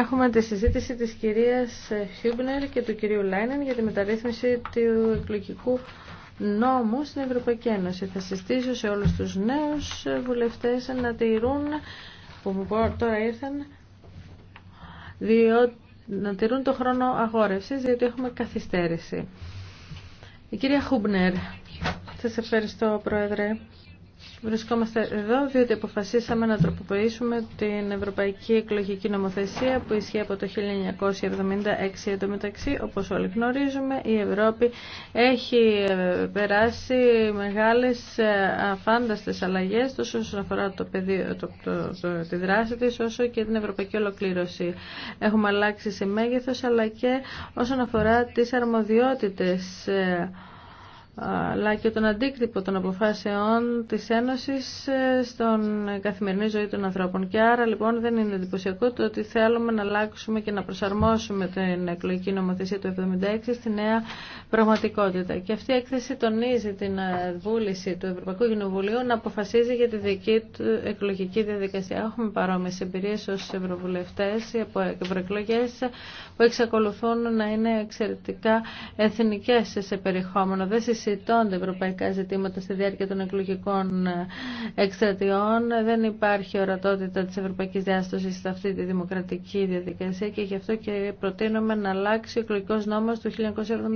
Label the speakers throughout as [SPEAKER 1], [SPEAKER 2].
[SPEAKER 1] Έχουμε τη συζήτηση της κυρίας Χιούμπνερ και του κυρίου Λάινεν για τη μεταρρύθμιση του εκλογικού νόμου στην Ευρωπαϊκή Ένωση. Θα συστήσω σε όλους τους νέους βουλευτές να τηρούν, που τώρα ήρθαν, να τηρούν το χρόνο αγόρευσης, διότι έχουμε καθυστέρηση. Η κυρία Χούμπνερ, σας ευχαριστώ Πρόεδρε. Βρισκόμαστε εδώ διότι αποφασίσαμε να τροποποιήσουμε την Ευρωπαϊκή Εκλογική Νομοθεσία που ισχύει από το 1976. Εν μεταξύ, όπως όλοι γνωρίζουμε, η Ευρώπη έχει ε, περάσει μεγάλες ε, αφάνταστες αλλαγές τόσο όσον αφορά το πεδίο, το, το, τη δράση της όσο και την ευρωπαϊκή ολοκλήρωση. Έχουμε αλλάξει σε μέγεθος αλλά και όσον αφορά τις αρμοδιότητες ε, αλλά και τον αντίκτυπο των αποφάσεων της Ένωσης ε, στον καθημερινή ζωή των ανθρώπων. Και άρα λοιπόν δεν είναι εντυπωσιακό το ότι θέλουμε να αλλάξουμε και να προσαρμόσουμε την εκλογική νομοθεσία του 76 στη νέα πραγματικότητα. Και αυτή η έκθεση τονίζει την ε, βούληση του Ευρωπαϊκού Κοινοβουλίου να αποφασίζει για τη δική του εκλογική διαδικασία. Έχουμε παρόμοιε εμπειρίε ω ευρωβουλευτέ από ευρωεκλογέ που εξακολουθούν να είναι εξαιρετικά εθνικέ σε περιεχόμενο. Δεν συζητώνται ευρωπαϊκά ζητήματα στη διάρκεια των εκλογικών ε, εκστρατιών. Δεν υπάρχει ορατότητα τη ευρωπαϊκή διάσταση σε αυτή τη δημοκρατική διαδικασία και γι' αυτό και προτείνουμε να αλλάξει ο εκλογικό νόμο του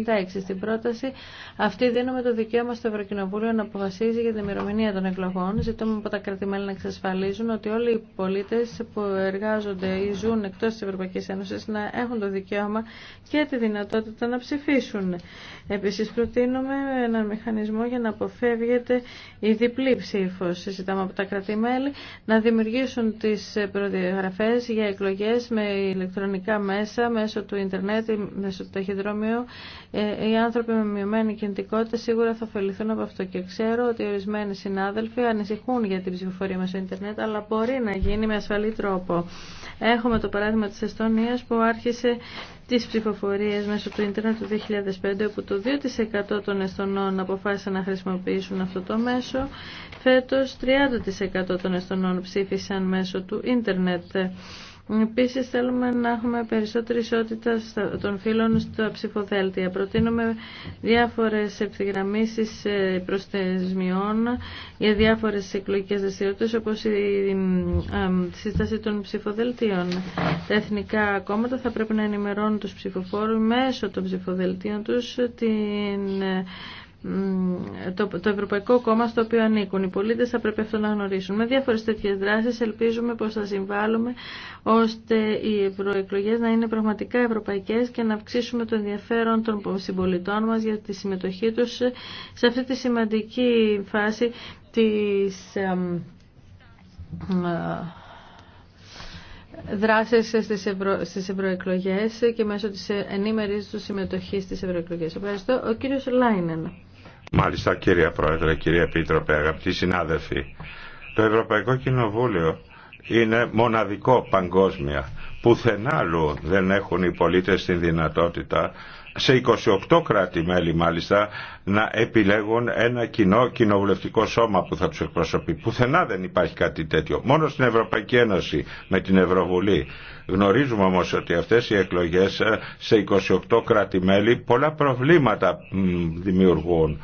[SPEAKER 1] 1976 στην πρόταση αυτή δίνουμε το δικαίωμα στο Ευρωκοινοβούλιο να αποφασίζει για τη ημερομηνία των εκλογών. Ζητούμε από τα κρατημέλη να εξασφαλίζουν ότι όλοι οι πολίτε που εργάζονται ή ζουν εκτό τη Ευρωπαϊκή Ένωση να έχουν το δικαίωμα και τη δυνατότητα να ψηφίσουν. Επίσης προτείνουμε έναν μηχανισμό για να αποφεύγεται η διπλή ψήφο. Συζητάμε από τα κρατημέλη να δημιουργήσουν τις προδιαγραφές για εκλογές με ηλεκτρονικά μέσα, μέσω του ίντερνετ, μέσω του ταχυδρομείου. Ε, οι άνθρωποι με μειωμένη κινητικότητα σίγουρα θα ωφεληθούν από αυτό και ξέρω ότι ορισμένοι συνάδελφοι ανησυχούν για την ψηφοφορία μέσω ίντερνετ, αλλά μπορεί να γίνει με ασφαλή τρόπο. Έχουμε το παράδειγμα της Εστονίας που άρχισε τις ψηφοφορίες μέσω του ίντερνετ του 2005 όπου το 2% των Εστονών αποφάσισαν να χρησιμοποιήσουν αυτό το μέσο φέτος 30% των Εστονών ψήφισαν μέσω του ίντερνετ Επίση, θέλουμε να έχουμε περισσότερη ισότητα των φύλων στα ψηφοδέλτια. Προτείνουμε διάφορε ευθυγραμμίσει ε, προσθεσμιών για διάφορε εκλογικέ δραστηριότητε, όπω η ε, σύσταση των ψηφοδελτίων. Τα εθνικά κόμματα θα πρέπει να ενημερώνουν τους ψηφοφόρου μέσω των ψηφοδελτίων του την το, το Ευρωπαϊκό Κόμμα στο οποίο ανήκουν. Οι πολίτες θα πρέπει αυτό να γνωρίσουν. Με διάφορες τέτοιες δράσεις ελπίζουμε πως θα συμβάλλουμε ώστε οι ευρωεκλογέ να είναι πραγματικά ευρωπαϊκές και να αυξήσουμε το ενδιαφέρον των συμπολιτών μας για τη συμμετοχή τους σε αυτή τη σημαντική φάση της ε, δράσεις στις, ευρω... στις ευρωεκλογές και μέσω της ενήμερης του συμμετοχής στις ευρωεκλογές. Ευχαριστώ. Ο κύριος Λάινεν.
[SPEAKER 2] Μάλιστα κύριε Πρόεδρε, κύριε Επίτροπε, αγαπητοί συνάδελφοι. Το Ευρωπαϊκό Κοινοβούλιο είναι μοναδικό παγκόσμια. Πουθενά άλλου δεν έχουν οι πολίτες την δυνατότητα σε 28 κράτη-μέλη μάλιστα να επιλέγουν ένα κοινό κοινοβουλευτικό σώμα που θα τους εκπροσωπεί. Πουθενά δεν υπάρχει κάτι τέτοιο. Μόνο στην Ευρωπαϊκή Ένωση με την Ευρωβουλή. Γνωρίζουμε όμως ότι αυτές οι εκλογές ε, σε 28 κράτη-μέλη πολλά προβλήματα δημιουργούν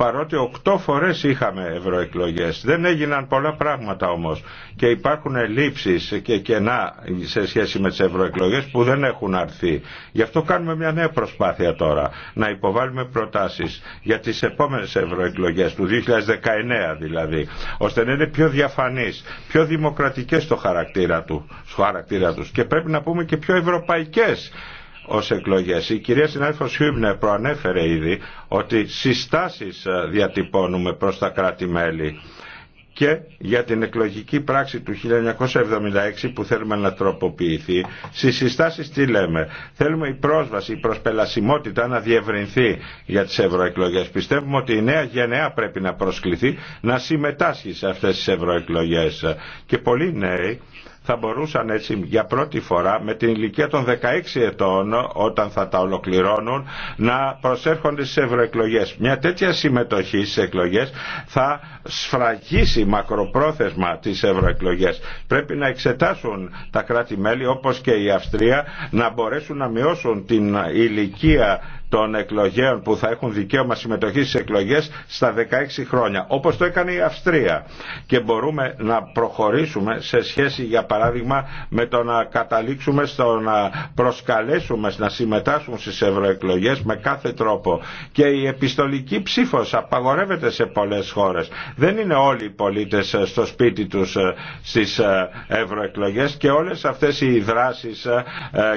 [SPEAKER 2] παρότι οκτώ φορές είχαμε ευρωεκλογές. Δεν έγιναν πολλά πράγματα όμως και υπάρχουν ελλείψεις και κενά σε σχέση με τις ευρωεκλογές που δεν έχουν αρθεί. Γι' αυτό κάνουμε μια νέα προσπάθεια τώρα να υποβάλουμε προτάσεις για τις επόμενες ευρωεκλογές του 2019 δηλαδή ώστε να είναι πιο διαφανείς, πιο δημοκρατικές στο χαρακτήρα, του, στο χαρακτήρα τους και πρέπει να πούμε και πιο ευρωπαϊκές ως εκλογές. Η κυρία συνάδελφος Χιούμπνερ προανέφερε ήδη ότι συστάσεις ε, διατυπώνουμε προς τα κράτη-μέλη και για την εκλογική πράξη του 1976 που θέλουμε να τροποποιηθεί, στι συστάσεις τι λέμε. Θέλουμε η πρόσβαση, η προσπελασιμότητα να διευρυνθεί για τις ευρωεκλογέ. Πιστεύουμε ότι η νέα γενεά πρέπει να προσκληθεί να συμμετάσχει σε αυτέ τι ευρωεκλογέ. Και πολλοί νέοι θα μπορούσαν έτσι για πρώτη φορά με την ηλικία των 16 ετών όταν θα τα ολοκληρώνουν να προσέρχονται στις ευρωεκλογέ. Μια τέτοια συμμετοχή στι εκλογέ θα σφραγίσει μακροπρόθεσμα τι ευρωεκλογέ. Πρέπει να εξετάσουν τα κράτη-μέλη όπω και η Αυστρία να μπορέσουν να μειώσουν την ηλικία των εκλογέων που θα έχουν δικαίωμα συμμετοχή στις εκλογές στα 16 χρόνια, όπως το έκανε η Αυστρία. Και μπορούμε να προχωρήσουμε σε σχέση, για παράδειγμα, με το να καταλήξουμε στο να προσκαλέσουμε να συμμετάσχουν στις ευρωεκλογές με κάθε τρόπο. Και η επιστολική ψήφος απαγορεύεται σε πολλές χώρες. Δεν είναι όλοι οι πολίτες ε, στο σπίτι τους ε, στις ε, ευρωεκλογές και όλες αυτές οι δράσεις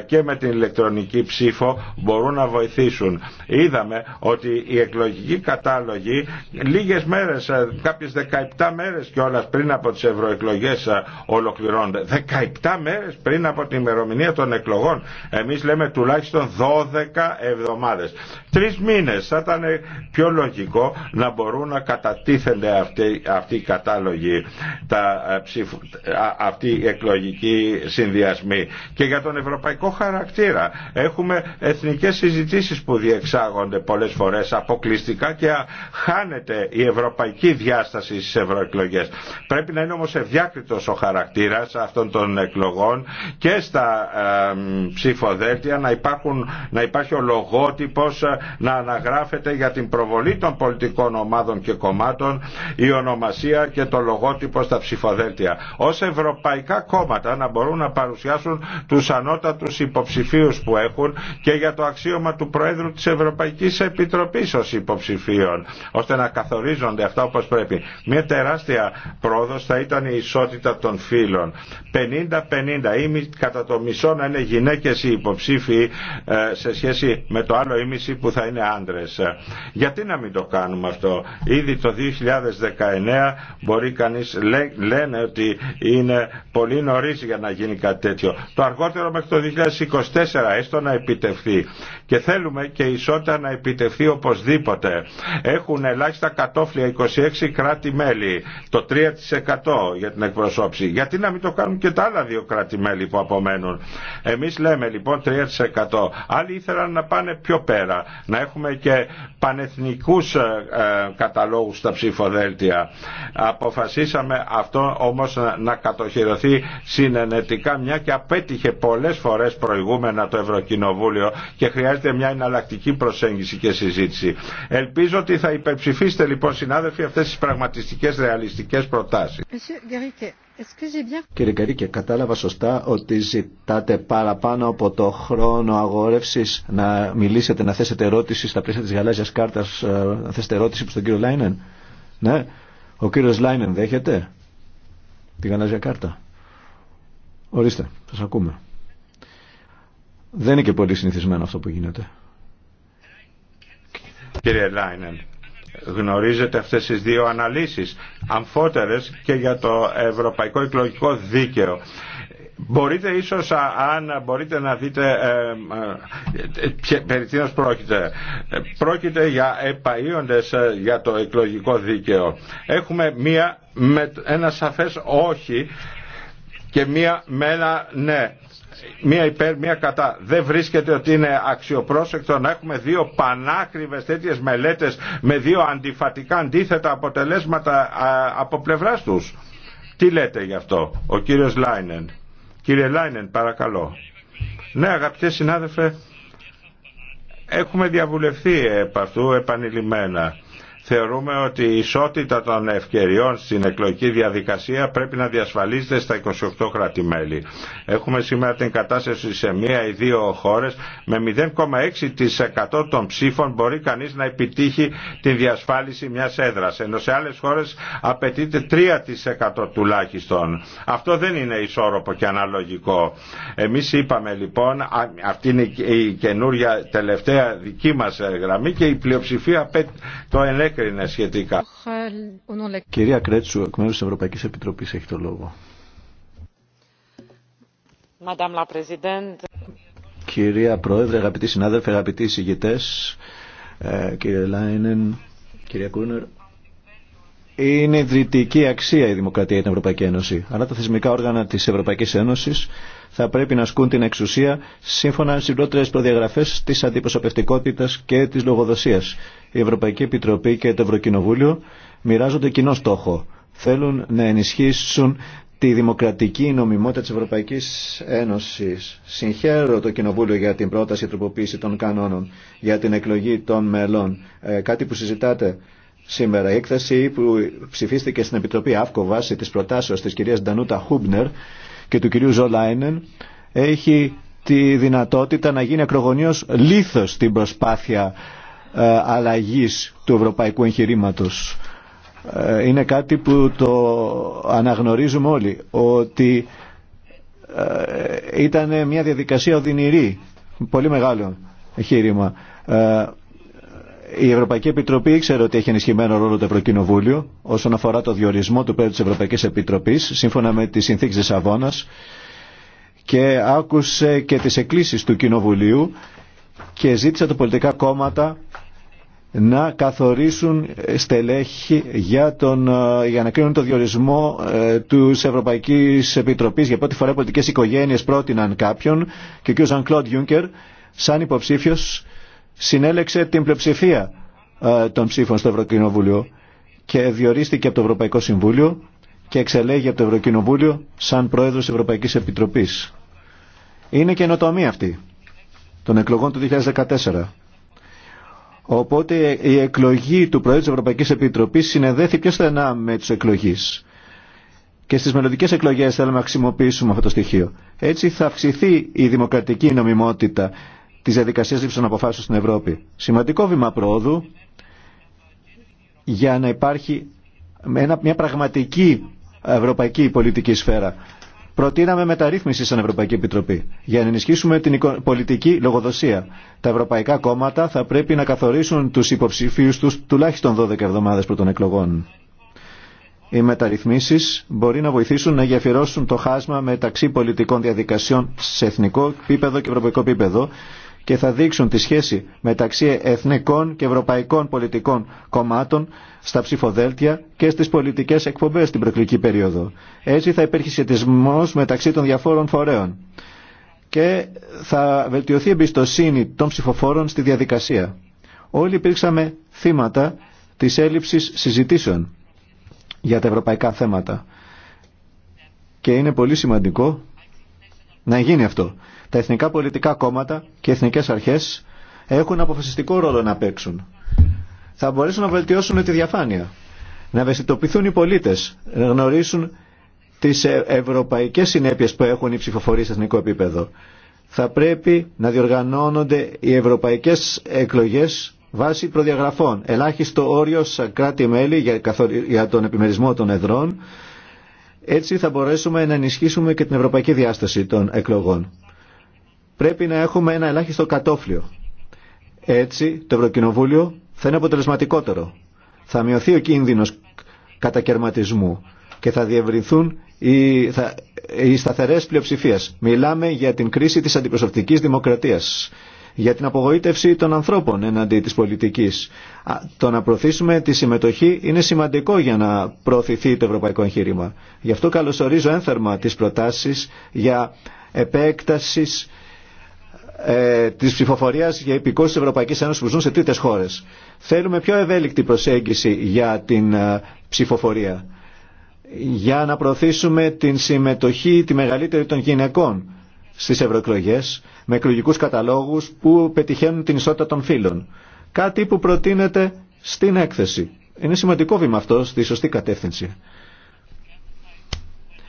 [SPEAKER 2] και με την ηλεκτρονική ψήφο μπορούν να βοηθήσουν Είδαμε ότι οι εκλογικοί κατάλογοι λίγες μέρες, ε, κάποιες 17 μέρες κιόλα πριν από τις ευρωεκλογές ε, ολοκληρώνονται. 17 μέρες πριν από την ημερομηνία των εκλογών. Εμείς λέμε τουλάχιστον 12 εβδομάδες. Τρεις μήνες θα ήταν πιο λογικό να μπορούν να κατατίθενται αυτοί, αυτοί οι κατάλογοι, τα, ε, αυτοί οι εκλογικοί συνδυασμοί. Και για τον ευρωπαϊκό χαρακτήρα έχουμε εθνικές συζητήσεις που που διεξάγονται πολλές φορές αποκλειστικά και χάνεται η ευρωπαϊκή διάσταση στις ευρωεκλογέ. Πρέπει να είναι όμως ευδιάκριτος ο χαρακτήρας αυτών των εκλογών και στα ψηφοδέλτια να, υπάρχουν, να υπάρχει ο λογότυπος ε, να αναγράφεται για την προβολή των πολιτικών ομάδων και κομμάτων η ονομασία και το λογότυπο στα ψηφοδέλτια. Ως ευρωπαϊκά κόμματα να μπορούν να παρουσιάσουν τους ανώτατους υποψηφίους που έχουν και για το αξίωμα του Προέδρου της Ευρωπαϊκής Επιτροπής ως υποψηφίων, ώστε να καθορίζονται αυτά όπως πρέπει. Μια τεράστια πρόοδος θα ήταν η ισότητα των φύλων. 50-50 ή κατά το μισό να είναι γυναίκες οι υποψήφοι ε, σε σχέση με το άλλο ήμιση που θα είναι άντρες. Γιατί να μην το κάνουμε αυτό. Ήδη το 2019 μπορεί κανείς λένε ότι είναι πολύ νωρίς για να γίνει κάτι τέτοιο. Το αργότερο μέχρι το 2024 έστω να επιτευχθεί και θέλουμε και η ισότητα να επιτευχθεί οπωσδήποτε. Έχουν ελάχιστα κατόφλια 26 κράτη-μέλη, το 3% για την εκπροσώψη. Γιατί να μην το κάνουν και τα άλλα δύο κράτη-μέλη που απομένουν. Εμείς λέμε λοιπόν 3%. Άλλοι ήθελαν να πάνε πιο πέρα, να έχουμε και πανεθνικούς ε, ε, καταλόγους στα ψηφοδέλτια. Αποφασίσαμε αυτό όμως να κατοχυρωθεί συνενετικά μια και απέτυχε πολλές φορές προηγούμενα το Ευρωκοινοβούλιο και χρειάζεται μια εναλλακτική προσέγγιση και συζήτηση. Ελπίζω ότι θα υπερψηφίσετε λοιπόν συνάδελφοι αυτές τις πραγματιστικές ρεαλιστικές προτάσεις.
[SPEAKER 3] Κύριε Καρίκε, κατάλαβα σωστά ότι ζητάτε παραπάνω από το χρόνο αγόρευση να μιλήσετε, να θέσετε ερώτηση στα πλαίσια τη γαλάζια Κάρτα, ε, να θέσετε ερώτηση προ τον κύριο Λάινεν. Ναι, ο κύριο Λάινεν δέχεται τη γαλάζια κάρτα. Ορίστε, σα ακούμε. Δεν είναι και πολύ συνηθισμένο αυτό που γίνεται.
[SPEAKER 2] Κύριε Λάινεν, γνωρίζετε αυτές τις δύο αναλύσεις, αμφότερες και για το Ευρωπαϊκό Εκλογικό Δίκαιο. Μπορείτε ίσως, αν μπορείτε να δείτε ε, ε περί τίνος πρόκειται. Πρόκειται για επαΐοντες ε, για το εκλογικό δίκαιο. Έχουμε μία με ένα σαφές όχι και μία με ένα ναι μία υπέρ, μία κατά. Δεν βρίσκεται ότι είναι αξιοπρόσεκτο να έχουμε δύο πανάκριβες τέτοιες μελέτες με δύο αντιφατικά αντίθετα αποτελέσματα από πλευράς τους. Τι λέτε γι' αυτό, ο κύριος Λάινεν. Κύριε Λάινεν, παρακαλώ. Ναι, αγαπητέ συνάδελφε, έχουμε διαβουλευτεί επ' αυτού επανειλημμένα θεωρούμε ότι η ισότητα των ευκαιριών στην εκλογική διαδικασία πρέπει να διασφαλίζεται στα 28 κράτη-μέλη. Έχουμε σήμερα την κατάσταση σε μία ή δύο χώρες με 0,6% των ψήφων μπορεί κανείς να επιτύχει την διασφάλιση μιας έδρας, ενώ σε άλλες χώρες απαιτείται 3% τουλάχιστον. Αυτό δεν είναι ισόρροπο και αναλογικό. Εμείς είπαμε λοιπόν, αυτή είναι η καινούρια τελευταία δική μας γραμμή και η πλειοψηφία
[SPEAKER 3] το σχετικά. Κυρία Κρέτσου, εκ μέρου τη Ευρωπαϊκής Επιτροπής έχει το λόγο. Κυρία Πρόεδρε, αγαπητοί συνάδελφοι, αγαπητοί συγγητές, ε, κύριε Λάινεν, κυρία Κούνερ, είναι ιδρυτική αξία η δημοκρατία για την Ευρωπαϊκή Ένωση. Αλλά τα θεσμικά όργανα τη Ευρωπαϊκή Ένωση θα πρέπει να ασκούν την εξουσία σύμφωνα στι τι προδιαγραφέ τη αντιπροσωπευτικότητα και τη λογοδοσία. Η Ευρωπαϊκή Επιτροπή και το Ευρωκοινοβούλιο μοιράζονται κοινό στόχο. Θέλουν να ενισχύσουν τη δημοκρατική νομιμότητα τη Ευρωπαϊκή Ένωση. Συγχαίρω το Κοινοβούλιο για την πρόταση τροποποίηση των κανόνων, για την εκλογή των μελών. Ε, κάτι που συζητάτε σήμερα. Η έκθεση που ψηφίστηκε στην Επιτροπή ΑΦΚΟ βάσει της προτάσεως της κυρίας Ντανούτα Χούμπνερ και του κυρίου Ζολάινεν έχει τη δυνατότητα να γίνει ακρογωνίως λίθος στην προσπάθεια ε, αλλαγής του ευρωπαϊκού εγχειρήματο. Ε, είναι κάτι που το αναγνωρίζουμε όλοι, ότι ε, ήταν μια διαδικασία οδυνηρή, πολύ μεγάλο εγχείρημα. Η Ευρωπαϊκή Επιτροπή ήξερε ότι έχει ενισχυμένο ρόλο το Ευρωκοινοβούλιο όσον αφορά το διορισμό του Πρόεδρου τη Ευρωπαϊκή Επιτροπή, σύμφωνα με τι συνθήκε τη και άκουσε και τι εκκλήσει του Κοινοβουλίου και ζήτησε τα πολιτικά κόμματα να καθορίσουν στελέχη για, τον, για να κρίνουν το διορισμό ε, του Ευρωπαϊκής Επιτροπής. Για πρώτη φορά οι πολιτικές οικογένειες πρότειναν κάποιον και ο κ. Ζαν Κλοντ σαν υποψήφιο συνέλεξε την πλειοψηφία ε, των ψήφων στο Ευρωκοινοβούλιο και διορίστηκε από το Ευρωπαϊκό Συμβούλιο και εξελέγει από το Ευρωκοινοβούλιο σαν πρόεδρος Ευρωπαϊκής Επιτροπής. Είναι καινοτομία αυτή των εκλογών του 2014. Οπότε η εκλογή του Προέδρου της Ευρωπαϊκής Επιτροπής συνεδέθη πιο στενά με τους εκλογείς. Και στις μελλοντικές εκλογές θέλουμε να χρησιμοποιήσουμε αυτό το στοιχείο. Έτσι θα αυξηθεί η δημοκρατική νομιμότητα τη διαδικασία λήψη των αποφάσεων στην Ευρώπη. Σημαντικό βήμα πρόοδου για να υπάρχει μια πραγματική ευρωπαϊκή πολιτική σφαίρα. Προτείναμε μεταρρύθμιση σαν Ευρωπαϊκή Επιτροπή για να ενισχύσουμε την πολιτική λογοδοσία. Τα ευρωπαϊκά κόμματα θα πρέπει να καθορίσουν του υποψηφίου του τουλάχιστον 12 εβδομάδες των εκλογών. Οι μεταρρυθμίσει μπορεί να βοηθήσουν να γεφυρώσουν το χάσμα μεταξύ πολιτικών διαδικασιών σε εθνικό επίπεδο και ευρωπαϊκό επίπεδο και θα δείξουν τη σχέση μεταξύ εθνικών και ευρωπαϊκών πολιτικών κομμάτων στα ψηφοδέλτια και στις πολιτικές εκπομπές την προκλητική περίοδο. Έτσι θα υπήρχε σχετισμός μεταξύ των διαφόρων φορέων και θα βελτιωθεί η εμπιστοσύνη των ψηφοφόρων στη διαδικασία. Όλοι υπήρξαμε θύματα της έλλειψης συζητήσεων για τα ευρωπαϊκά θέματα. Και είναι πολύ σημαντικό να γίνει αυτό τα εθνικά πολιτικά κόμματα και οι εθνικές αρχές έχουν αποφασιστικό ρόλο να παίξουν. Θα μπορέσουν να βελτιώσουν τη διαφάνεια, να ευαισθητοποιηθούν οι πολίτες, να γνωρίσουν τις ε, ευρωπαϊκές συνέπειες που έχουν οι ψηφοφορείς σε εθνικό επίπεδο. Θα πρέπει να διοργανώνονται οι ευρωπαϊκές εκλογές βάσει προδιαγραφών. Ελάχιστο όριο σε κράτη-μέλη για τον επιμερισμό των εδρών. Έτσι θα μπορέσουμε να ενισχύσουμε και την ευρωπαϊκή διάσταση των εκλογών πρέπει να έχουμε ένα ελάχιστο κατόφλιο. Έτσι το Ευρωκοινοβούλιο θα είναι αποτελεσματικότερο. Θα μειωθεί ο κίνδυνος κατακαιρματισμού και θα διευρυνθούν οι, θα, οι σταθερές πλειοψηφίες. Μιλάμε για την κρίση της αντιπροσωπτικής δημοκρατίας για την απογοήτευση των ανθρώπων εναντί της πολιτικής. Το να προωθήσουμε τη συμμετοχή είναι σημαντικό για να προωθηθεί το ευρωπαϊκό εγχείρημα. Γι' αυτό καλωσορίζω ένθερμα τις προτάσεις για επέκταση ε, τη ψηφοφορία για υπηκόου τη Ευρωπαϊκή Ένωση που ζουν σε τρίτε χώρε. Θέλουμε πιο ευέλικτη προσέγγιση για την ε, ψηφοφορία. Για να προωθήσουμε την συμμετοχή τη μεγαλύτερη των γυναικών στις ευρωεκλογέ με εκλογικού καταλόγους που πετυχαίνουν την ισότητα των φύλων. Κάτι που προτείνεται στην έκθεση. Είναι σημαντικό βήμα αυτό στη σωστή κατεύθυνση.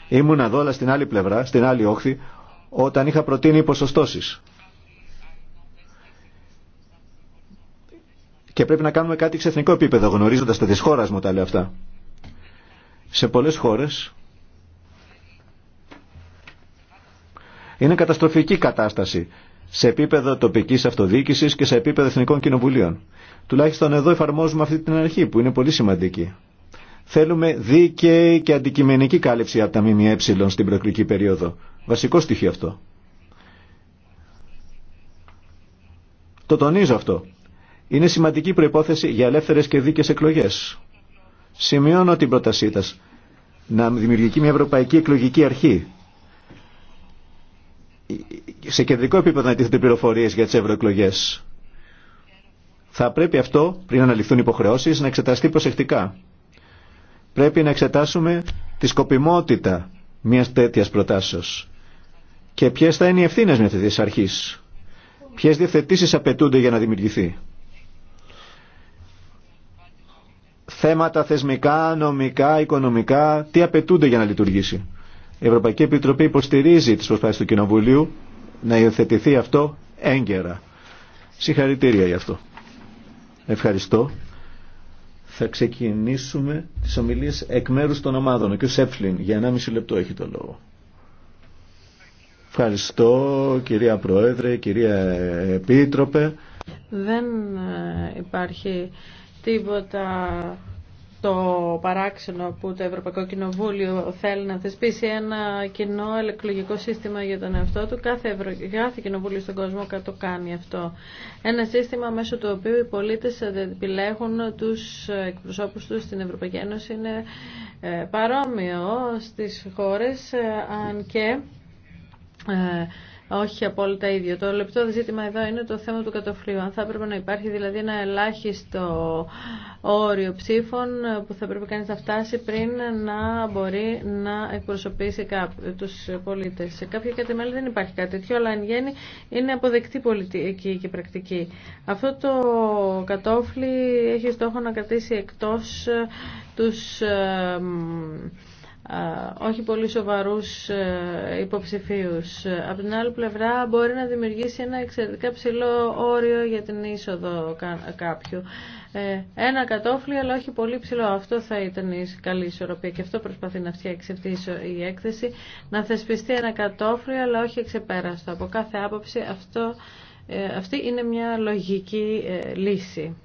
[SPEAKER 3] Ήμουν εδώ, αλλά στην άλλη πλευρά, στην άλλη όχθη, όταν είχα προτείνει υποσωστώσεις. και πρέπει να κάνουμε κάτι σε εθνικό επίπεδο, γνωρίζοντα τα τη χώρα μου τα λέω αυτά. Σε πολλέ χώρε είναι καταστροφική κατάσταση σε επίπεδο τοπική αυτοδιοίκηση και σε επίπεδο εθνικών κοινοβουλίων. Τουλάχιστον εδώ εφαρμόζουμε αυτή την αρχή που είναι πολύ σημαντική. Θέλουμε δίκαιη και αντικειμενική κάλυψη από τα ΜΜΕ στην προεκλογική περίοδο. Βασικό στοιχείο αυτό. Το τονίζω αυτό είναι σημαντική προϋπόθεση για ελεύθερες και δίκαιες εκλογές. Σημειώνω την πρότασή σας να δημιουργηθεί μια ευρωπαϊκή εκλογική αρχή. Σε κεντρικό επίπεδο να τίθεται πληροφορίε για τι ευρωεκλογέ. Θα πρέπει αυτό, πριν αναλυθούν υποχρεώσει, να εξεταστεί προσεκτικά. Πρέπει να εξετάσουμε τη σκοπιμότητα μια τέτοια προτάσεω. Και ποιε θα είναι οι ευθύνε μια τέτοια αρχή. Ποιε διευθετήσει απαιτούνται για να δημιουργηθεί. θέματα θεσμικά, νομικά, οικονομικά, τι απαιτούνται για να λειτουργήσει. Η Ευρωπαϊκή Επιτροπή υποστηρίζει τις προσπάθειες του Κοινοβουλίου να υιοθετηθεί αυτό έγκαιρα. Συγχαρητήρια γι' αυτό. Ευχαριστώ. Θα ξεκινήσουμε τις ομιλίες εκ μέρους των ομάδων. Ο κ. Σέφλιν για 1,5 λεπτό έχει το λόγο. Ευχαριστώ κυρία Πρόεδρε, κυρία Επίτροπε.
[SPEAKER 1] Δεν ε, υπάρχει τίποτα το παράξενο που το Ευρωπαϊκό Κοινοβούλιο θέλει να θεσπίσει ένα κοινό ελεκλογικό σύστημα για τον εαυτό του. Κάθε, κάθε κοινοβούλιο στον κόσμο το κάνει αυτό. Ένα σύστημα μέσω του οποίου οι πολίτες επιλέγουν τους εκπροσώπους του στην Ευρωπαϊκή Ένωση είναι ε, παρόμοιο στις χώρες, ε, αν και ε, όχι απόλυτα ίδιο. Το λεπτό ζήτημα εδώ είναι το θέμα του κατοφλίου. Αν θα έπρεπε να υπάρχει δηλαδή ένα ελάχιστο όριο ψήφων που θα πρέπει κανείς να φτάσει πριν να μπορεί να εκπροσωπήσει τους πολίτες. Σε κάποια κατεμέλη δεν υπάρχει κάτι τέτοιο, αλλά εν γέννη είναι αποδεκτή πολιτική και πρακτική. Αυτό το κατόφλι έχει στόχο να κρατήσει εκτός ε, τους ε, όχι πολύ σοβαρούς ε, υποψηφίους. Από την άλλη πλευρά μπορεί να δημιουργήσει ένα εξαιρετικά ψηλό όριο για την είσοδο κάποιου. Ε, ένα κατόφλι αλλά όχι πολύ ψηλό. Αυτό θα ήταν η καλή ισορροπία και αυτό προσπαθεί να φτιάξει αυτή η έκθεση. Να θεσπιστεί ένα κατόφλι αλλά όχι εξεπέραστο. Από κάθε άποψη αυτό, ε, αυτή είναι μια λογική λύση.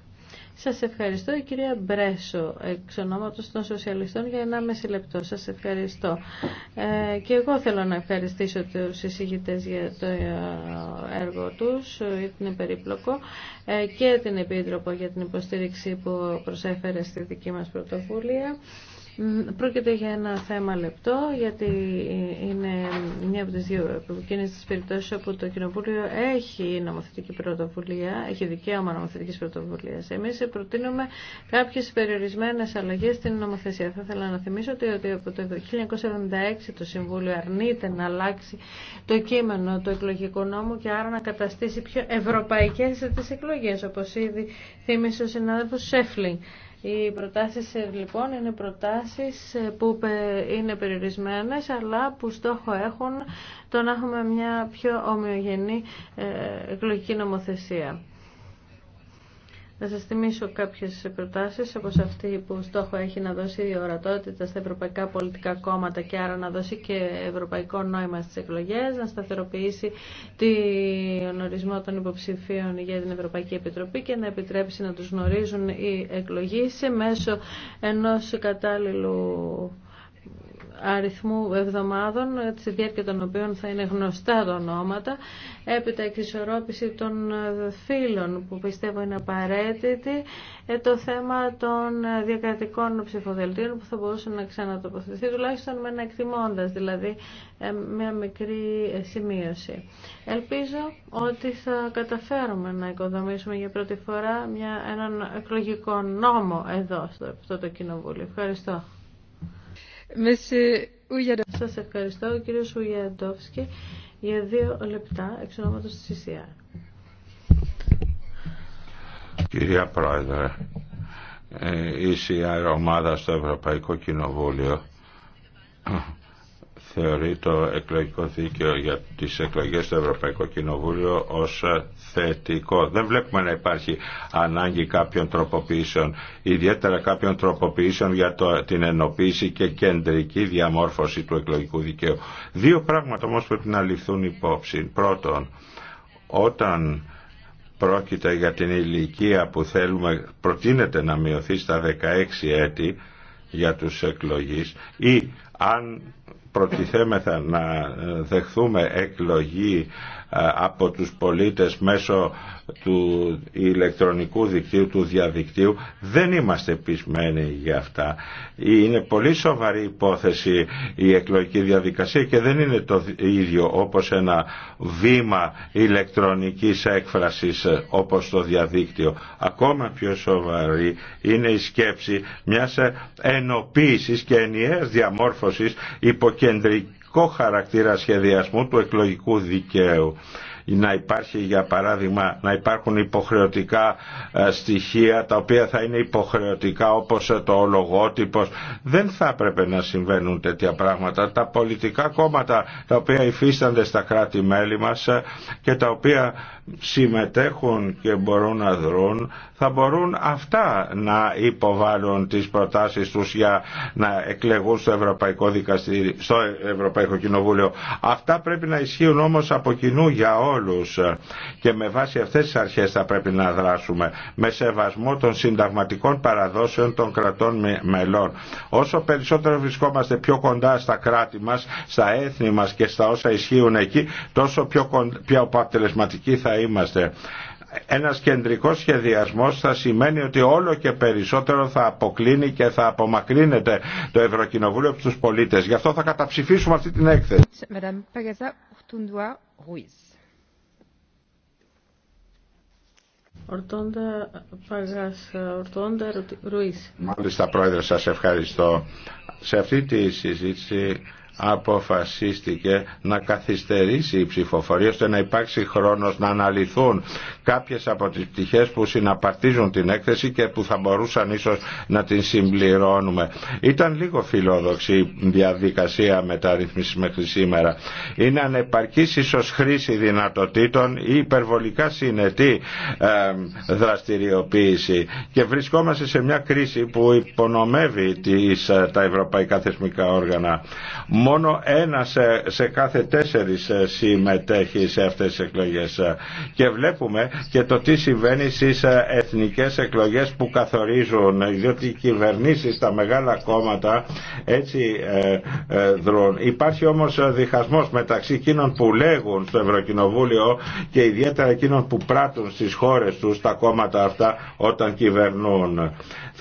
[SPEAKER 1] Σας ευχαριστώ η κυρία Μπρέσο, εξ ονόματος των Σοσιαλιστών για μέση λεπτό. Σας ευχαριστώ. Ε, και εγώ θέλω να ευχαριστήσω τους εισηγητές για το ε, έργο τους, είναι περίπλοκο, ε, και την Επίτροπο για την υποστήριξη που προσέφερε στη δική μας πρωτοβουλία. Πρόκειται για ένα θέμα λεπτό, γιατί είναι μια από τις δύο εκείνες της περιπτώσεις όπου το Κοινοβούλιο έχει νομοθετική πρωτοβουλία, έχει δικαίωμα νομοθετικής πρωτοβουλίας. Εμείς προτείνουμε κάποιες περιορισμένες αλλαγές στην νομοθεσία. Θα ήθελα να θυμίσω ότι από το 1976 το Συμβούλιο αρνείται να αλλάξει το κείμενο του εκλογικού νόμου και άρα να καταστήσει πιο ευρωπαϊκές τις εκλογές, όπως ήδη θύμισε ο συνάδελφος Σέφλινγκ. Οι προτάσεις ε, λοιπόν είναι προτάσεις ε, που είναι περιορισμένες αλλά που στόχο έχουν το να έχουμε μια πιο ομοιογενή ε, εκλογική νομοθεσία. Να σας θυμίσω κάποιες προτάσεις όπως αυτή που στόχο έχει να δώσει η ορατότητα στα ευρωπαϊκά πολιτικά κόμματα και άρα να δώσει και ευρωπαϊκό νόημα στις εκλογές, να σταθεροποιήσει τον ορισμό των υποψηφίων για την Ευρωπαϊκή Επιτροπή και να επιτρέψει να τους γνωρίζουν οι εκλογείς μέσω ενός κατάλληλου αριθμού εβδομάδων, στη διάρκεια των οποίων θα είναι γνωστά τα ονόματα, έπειτα εξισορρόπηση των φύλων που πιστεύω είναι απαραίτητη, ε, το θέμα των διακρατικών ψηφοδελτίων που θα μπορούσε να ξανατοποθετηθεί, τουλάχιστον με ένα εκτιμώντα, δηλαδή ε, μια μικρή σημείωση. Ελπίζω ότι θα καταφέρουμε να οικοδομήσουμε για πρώτη φορά μια, έναν εκλογικό νόμο εδώ, στο, το Κοινοβούλιο. Ευχαριστώ. Σας ευχαριστώ κύριο Ουιαντόφσκι για δύο λεπτά εξ ονόματος της CCR.
[SPEAKER 2] Κυρία Πρόεδρε, ε, η CR ομάδα στο Ευρωπαϊκό Κοινοβούλιο θεωρεί το εκλογικό δίκαιο για τις εκλογές στο Ευρωπαϊκό Κοινοβούλιο ως ε, θετικό. Δεν βλέπουμε να υπάρχει ανάγκη κάποιων τροποποιήσεων, ιδιαίτερα κάποιων τροποποιήσεων για το, την ενοποίηση και κεντρική διαμόρφωση του εκλογικού δικαίου. Δύο πράγματα όμως πρέπει να ληφθούν υπόψη. Πρώτον, όταν πρόκειται για την ηλικία που θέλουμε, προτείνεται να μειωθεί στα 16 έτη για τους εκλογείς ή αν προτιθέμεθα να ε, δεχθούμε εκλογή ε, από τους πολίτες μέσω του ηλεκτρονικού δικτύου, του διαδικτύου. Δεν είμαστε πεισμένοι για αυτά. Είναι πολύ σοβαρή υπόθεση η εκλογική διαδικασία και δεν είναι το ίδιο όπως ένα βήμα ηλεκτρονικής έκφρασης ε, όπως το διαδίκτυο. Ακόμα πιο σοβαρή είναι η σκέψη μιας ε, ενοποίησης και ενιαίας διαμόρφωσης υποκεντρικής πρακτικό χαρακτήρα σχεδιασμού του εκλογικού δικαίου να υπάρχει για παράδειγμα να υπάρχουν υποχρεωτικά ε, στοιχεία τα οποία θα είναι υποχρεωτικά όπως ε, το ολογότυπος. δεν θα έπρεπε να συμβαίνουν τέτοια πράγματα τα πολιτικά κόμματα τα οποία υφίστανται στα κράτη-μέλη μας ε, και τα οποία συμμετέχουν και μπορούν να δρουν θα μπορούν αυτά να υποβάλουν τις προτάσεις τους για να εκλεγούν στο Ευρωπαϊκό, Δικαστήριο, στο Ευρωπαϊκό Κοινοβούλιο. Αυτά πρέπει να ισχύουν όμως από κοινού για όλους όλους και με βάση αυτές τις αρχές θα πρέπει να δράσουμε με σεβασμό των συνταγματικών παραδόσεων των κρατών μελών. Όσο περισσότερο βρισκόμαστε πιο κοντά στα κράτη μας, στα έθνη μας και στα όσα ισχύουν εκεί, τόσο πιο αποτελεσματικοί θα είμαστε ένας κεντρικός σχεδιασμός θα σημαίνει ότι όλο και περισσότερο θα αποκλίνει και θα απομακρύνεται το Ευρωκοινοβούλιο από τους πολίτες. Γι' αυτό θα καταψηφίσουμε αυτή την έκθεση.
[SPEAKER 1] Ορτώντα Παγάς, Ορτώντα Ρουίς.
[SPEAKER 2] Μάλιστα πρόεδρε σας ευχαριστώ. Σε αυτή τη συζήτηση αποφασίστηκε να καθυστερήσει η ψηφοφορία ώστε να υπάρξει χρόνος να αναλυθούν κάποιες από τις πτυχές που συναπαρτίζουν την έκθεση και που θα μπορούσαν ίσως να την συμπληρώνουμε. Ήταν λίγο φιλόδοξη η διαδικασία μεταρρύθμισης μέχρι σήμερα. Είναι ανεπαρκής ίσως χρήση δυνατοτήτων ή υπερβολικά συνετή δραστηριοποίηση και βρισκόμαστε σε μια κρίση που υπονομεύει τις, ε, τα ευρωπαϊκά θεσμικά όργανα. Μόνο ένα ε, σε, κάθε τέσσερις ε, συμμετέχει σε αυτές τις εκλογές και βλέπουμε και το τι συμβαίνει στις ε, εθνικές εκλογές που καθορίζουν διότι οι κυβερνήσεις τα μεγάλα κόμματα έτσι ε, ε, δρούν. Υπάρχει όμως διχασμός μεταξύ εκείνων που λέγουν στο Ευρωκοινοβούλιο και ιδιαίτερα εκείνων που πράττουν στις χώρες τους τα κόμματα αυτά όταν κυβερνούν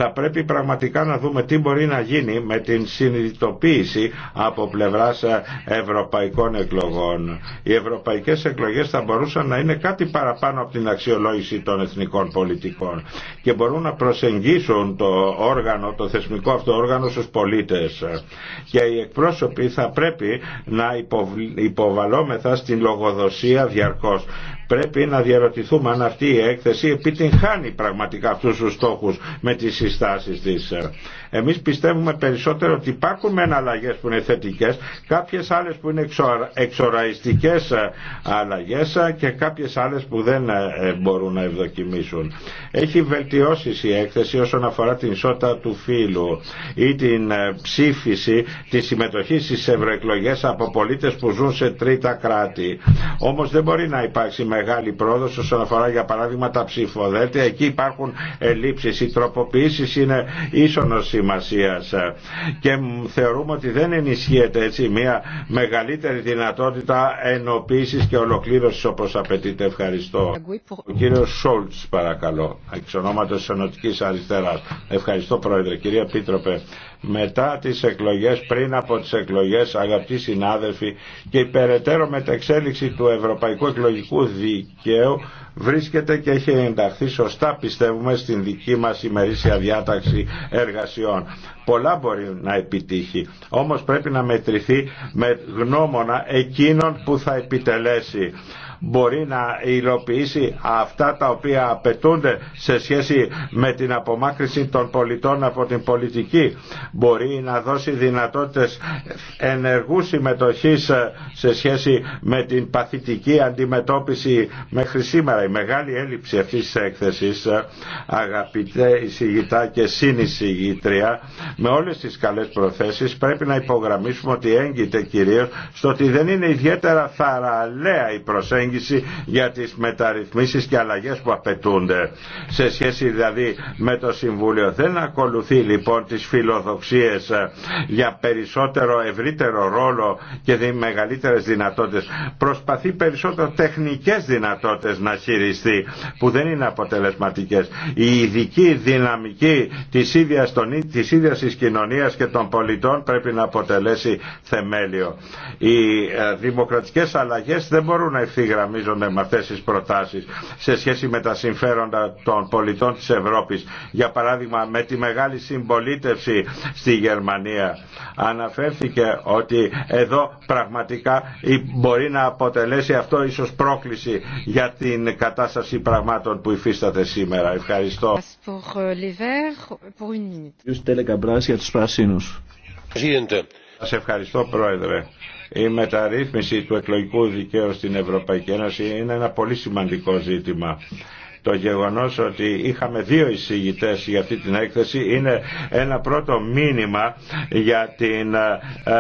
[SPEAKER 2] θα πρέπει πραγματικά να δούμε τι μπορεί να γίνει με την συνειδητοποίηση από πλευράς ε, ευρωπαϊκών εκλογών. Οι ευρωπαϊκές εκλογές θα μπορούσαν να είναι κάτι παραπάνω από την αξιολόγηση των εθνικών πολιτικών και μπορούν να προσεγγίσουν το όργανο, το θεσμικό αυτό όργανο στους πολίτες. Και οι εκπρόσωποι θα πρέπει να υποβαλόμεθα στην λογοδοσία διαρκώς. Πρέπει να διαρωτηθούμε αν αυτή η έκθεση επιτυγχάνει πραγματικά αυτούς τους στόχους με τις συστάσεις της. Ε. Εμείς πιστεύουμε περισσότερο ότι υπάρχουν μεν αλλαγές που είναι θετικές, κάποιες άλλες που είναι εξοραϊστικές ε, αλλαγές ε, και κάποιες άλλες που δεν μπορούν να ευδοκιμήσουν. Έχει βελτιώσει η έκθεση όσον αφορά την ισότητα του φύλου ή την ψήφιση τη συμμετοχή στις ευρωεκλογέ από πολίτες που ζουν σε τρίτα κράτη. Όμως δεν μπορεί να υπάρξει μεγάλη πρόοδο όσον αφορά για παράδειγμα τα ψηφοδέλτια. Εκεί υπάρχουν ελλείψεις. Οι τροποποιήσεις είναι ίσονος σημασία. και θεωρούμε ότι δεν ενισχύεται έτσι μια μεγαλύτερη δυνατότητα ενοποίησης και ολοκλήρωσης όπως απαιτείται. Ευχαριστώ. Ο κύριο Σόλτ, παρακαλώ, εξ ονόματος της Ενωτικής Αριστεράς. Ευχαριστώ Πρόεδρε. Κυρία Πίτροπε, μετά τις εκλογές, πριν από τις εκλογές αγαπητοί συνάδελφοι και υπεραιτέρω περαιτέρω μεταξέλιξη του Ευρωπαϊκού Εκλογικού Δικαίου βρίσκεται και έχει ενταχθεί σωστά πιστεύουμε στην δική μας ημερήσια διάταξη εργασιών. Πολλά μπορεί να επιτύχει, όμως πρέπει να μετρηθεί με γνώμονα εκείνων που θα επιτελέσει μπορεί να υλοποιήσει αυτά τα οποία απαιτούνται σε σχέση με την απομάκρυση των πολιτών από την πολιτική. Μπορεί να δώσει δυνατότητες ενεργού συμμετοχή σε σχέση με την παθητική αντιμετώπιση μέχρι σήμερα. Η μεγάλη έλλειψη αυτής της έκθεσης, αγαπητέ εισηγητά και συνεισηγήτρια, με όλες τις καλές προθέσεις πρέπει να υπογραμμίσουμε ότι έγκυται κυρίως στο ότι δεν είναι ιδιαίτερα θαραλέα η προσέγγιση για τις μεταρρυθμίσεις και αλλαγές που απαιτούνται σε σχέση δηλαδή με το Συμβούλιο. Δεν ακολουθεί λοιπόν τις φιλοδοξίες ε, για περισσότερο ευρύτερο ρόλο και μεγαλύτερες δυνατότητες. Προσπαθεί περισσότερο τεχνικές δυνατότητες να χειριστεί που δεν είναι αποτελεσματικές. Η ειδική δυναμική της ίδιας, της κοινωνίας και των πολιτών πρέπει να αποτελέσει θεμέλιο. Οι ε, δημοκρατικές αλλαγές δεν μπορούν να γραμμίζονται με αυτές τις προτάσεις σε σχέση με τα συμφέροντα των πολιτών της Ευρώπης. Για παράδειγμα με τη μεγάλη συμπολίτευση στη Γερμανία. Αναφέρθηκε ότι εδώ πραγματικά μπορεί να αποτελέσει αυτό ίσως πρόκληση για την κατάσταση πραγμάτων που υφίσταται σήμερα. Ευχαριστώ. Euh, Σας ευχαριστώ Πρόεδρε. Η μεταρρύθμιση του εκλογικού δικαίου στην Ευρωπαϊκή Ένωση είναι ένα πολύ σημαντικό ζήτημα το γεγονός ότι είχαμε δύο εισηγητές για αυτή την έκθεση είναι ένα πρώτο μήνυμα για την ε, ε,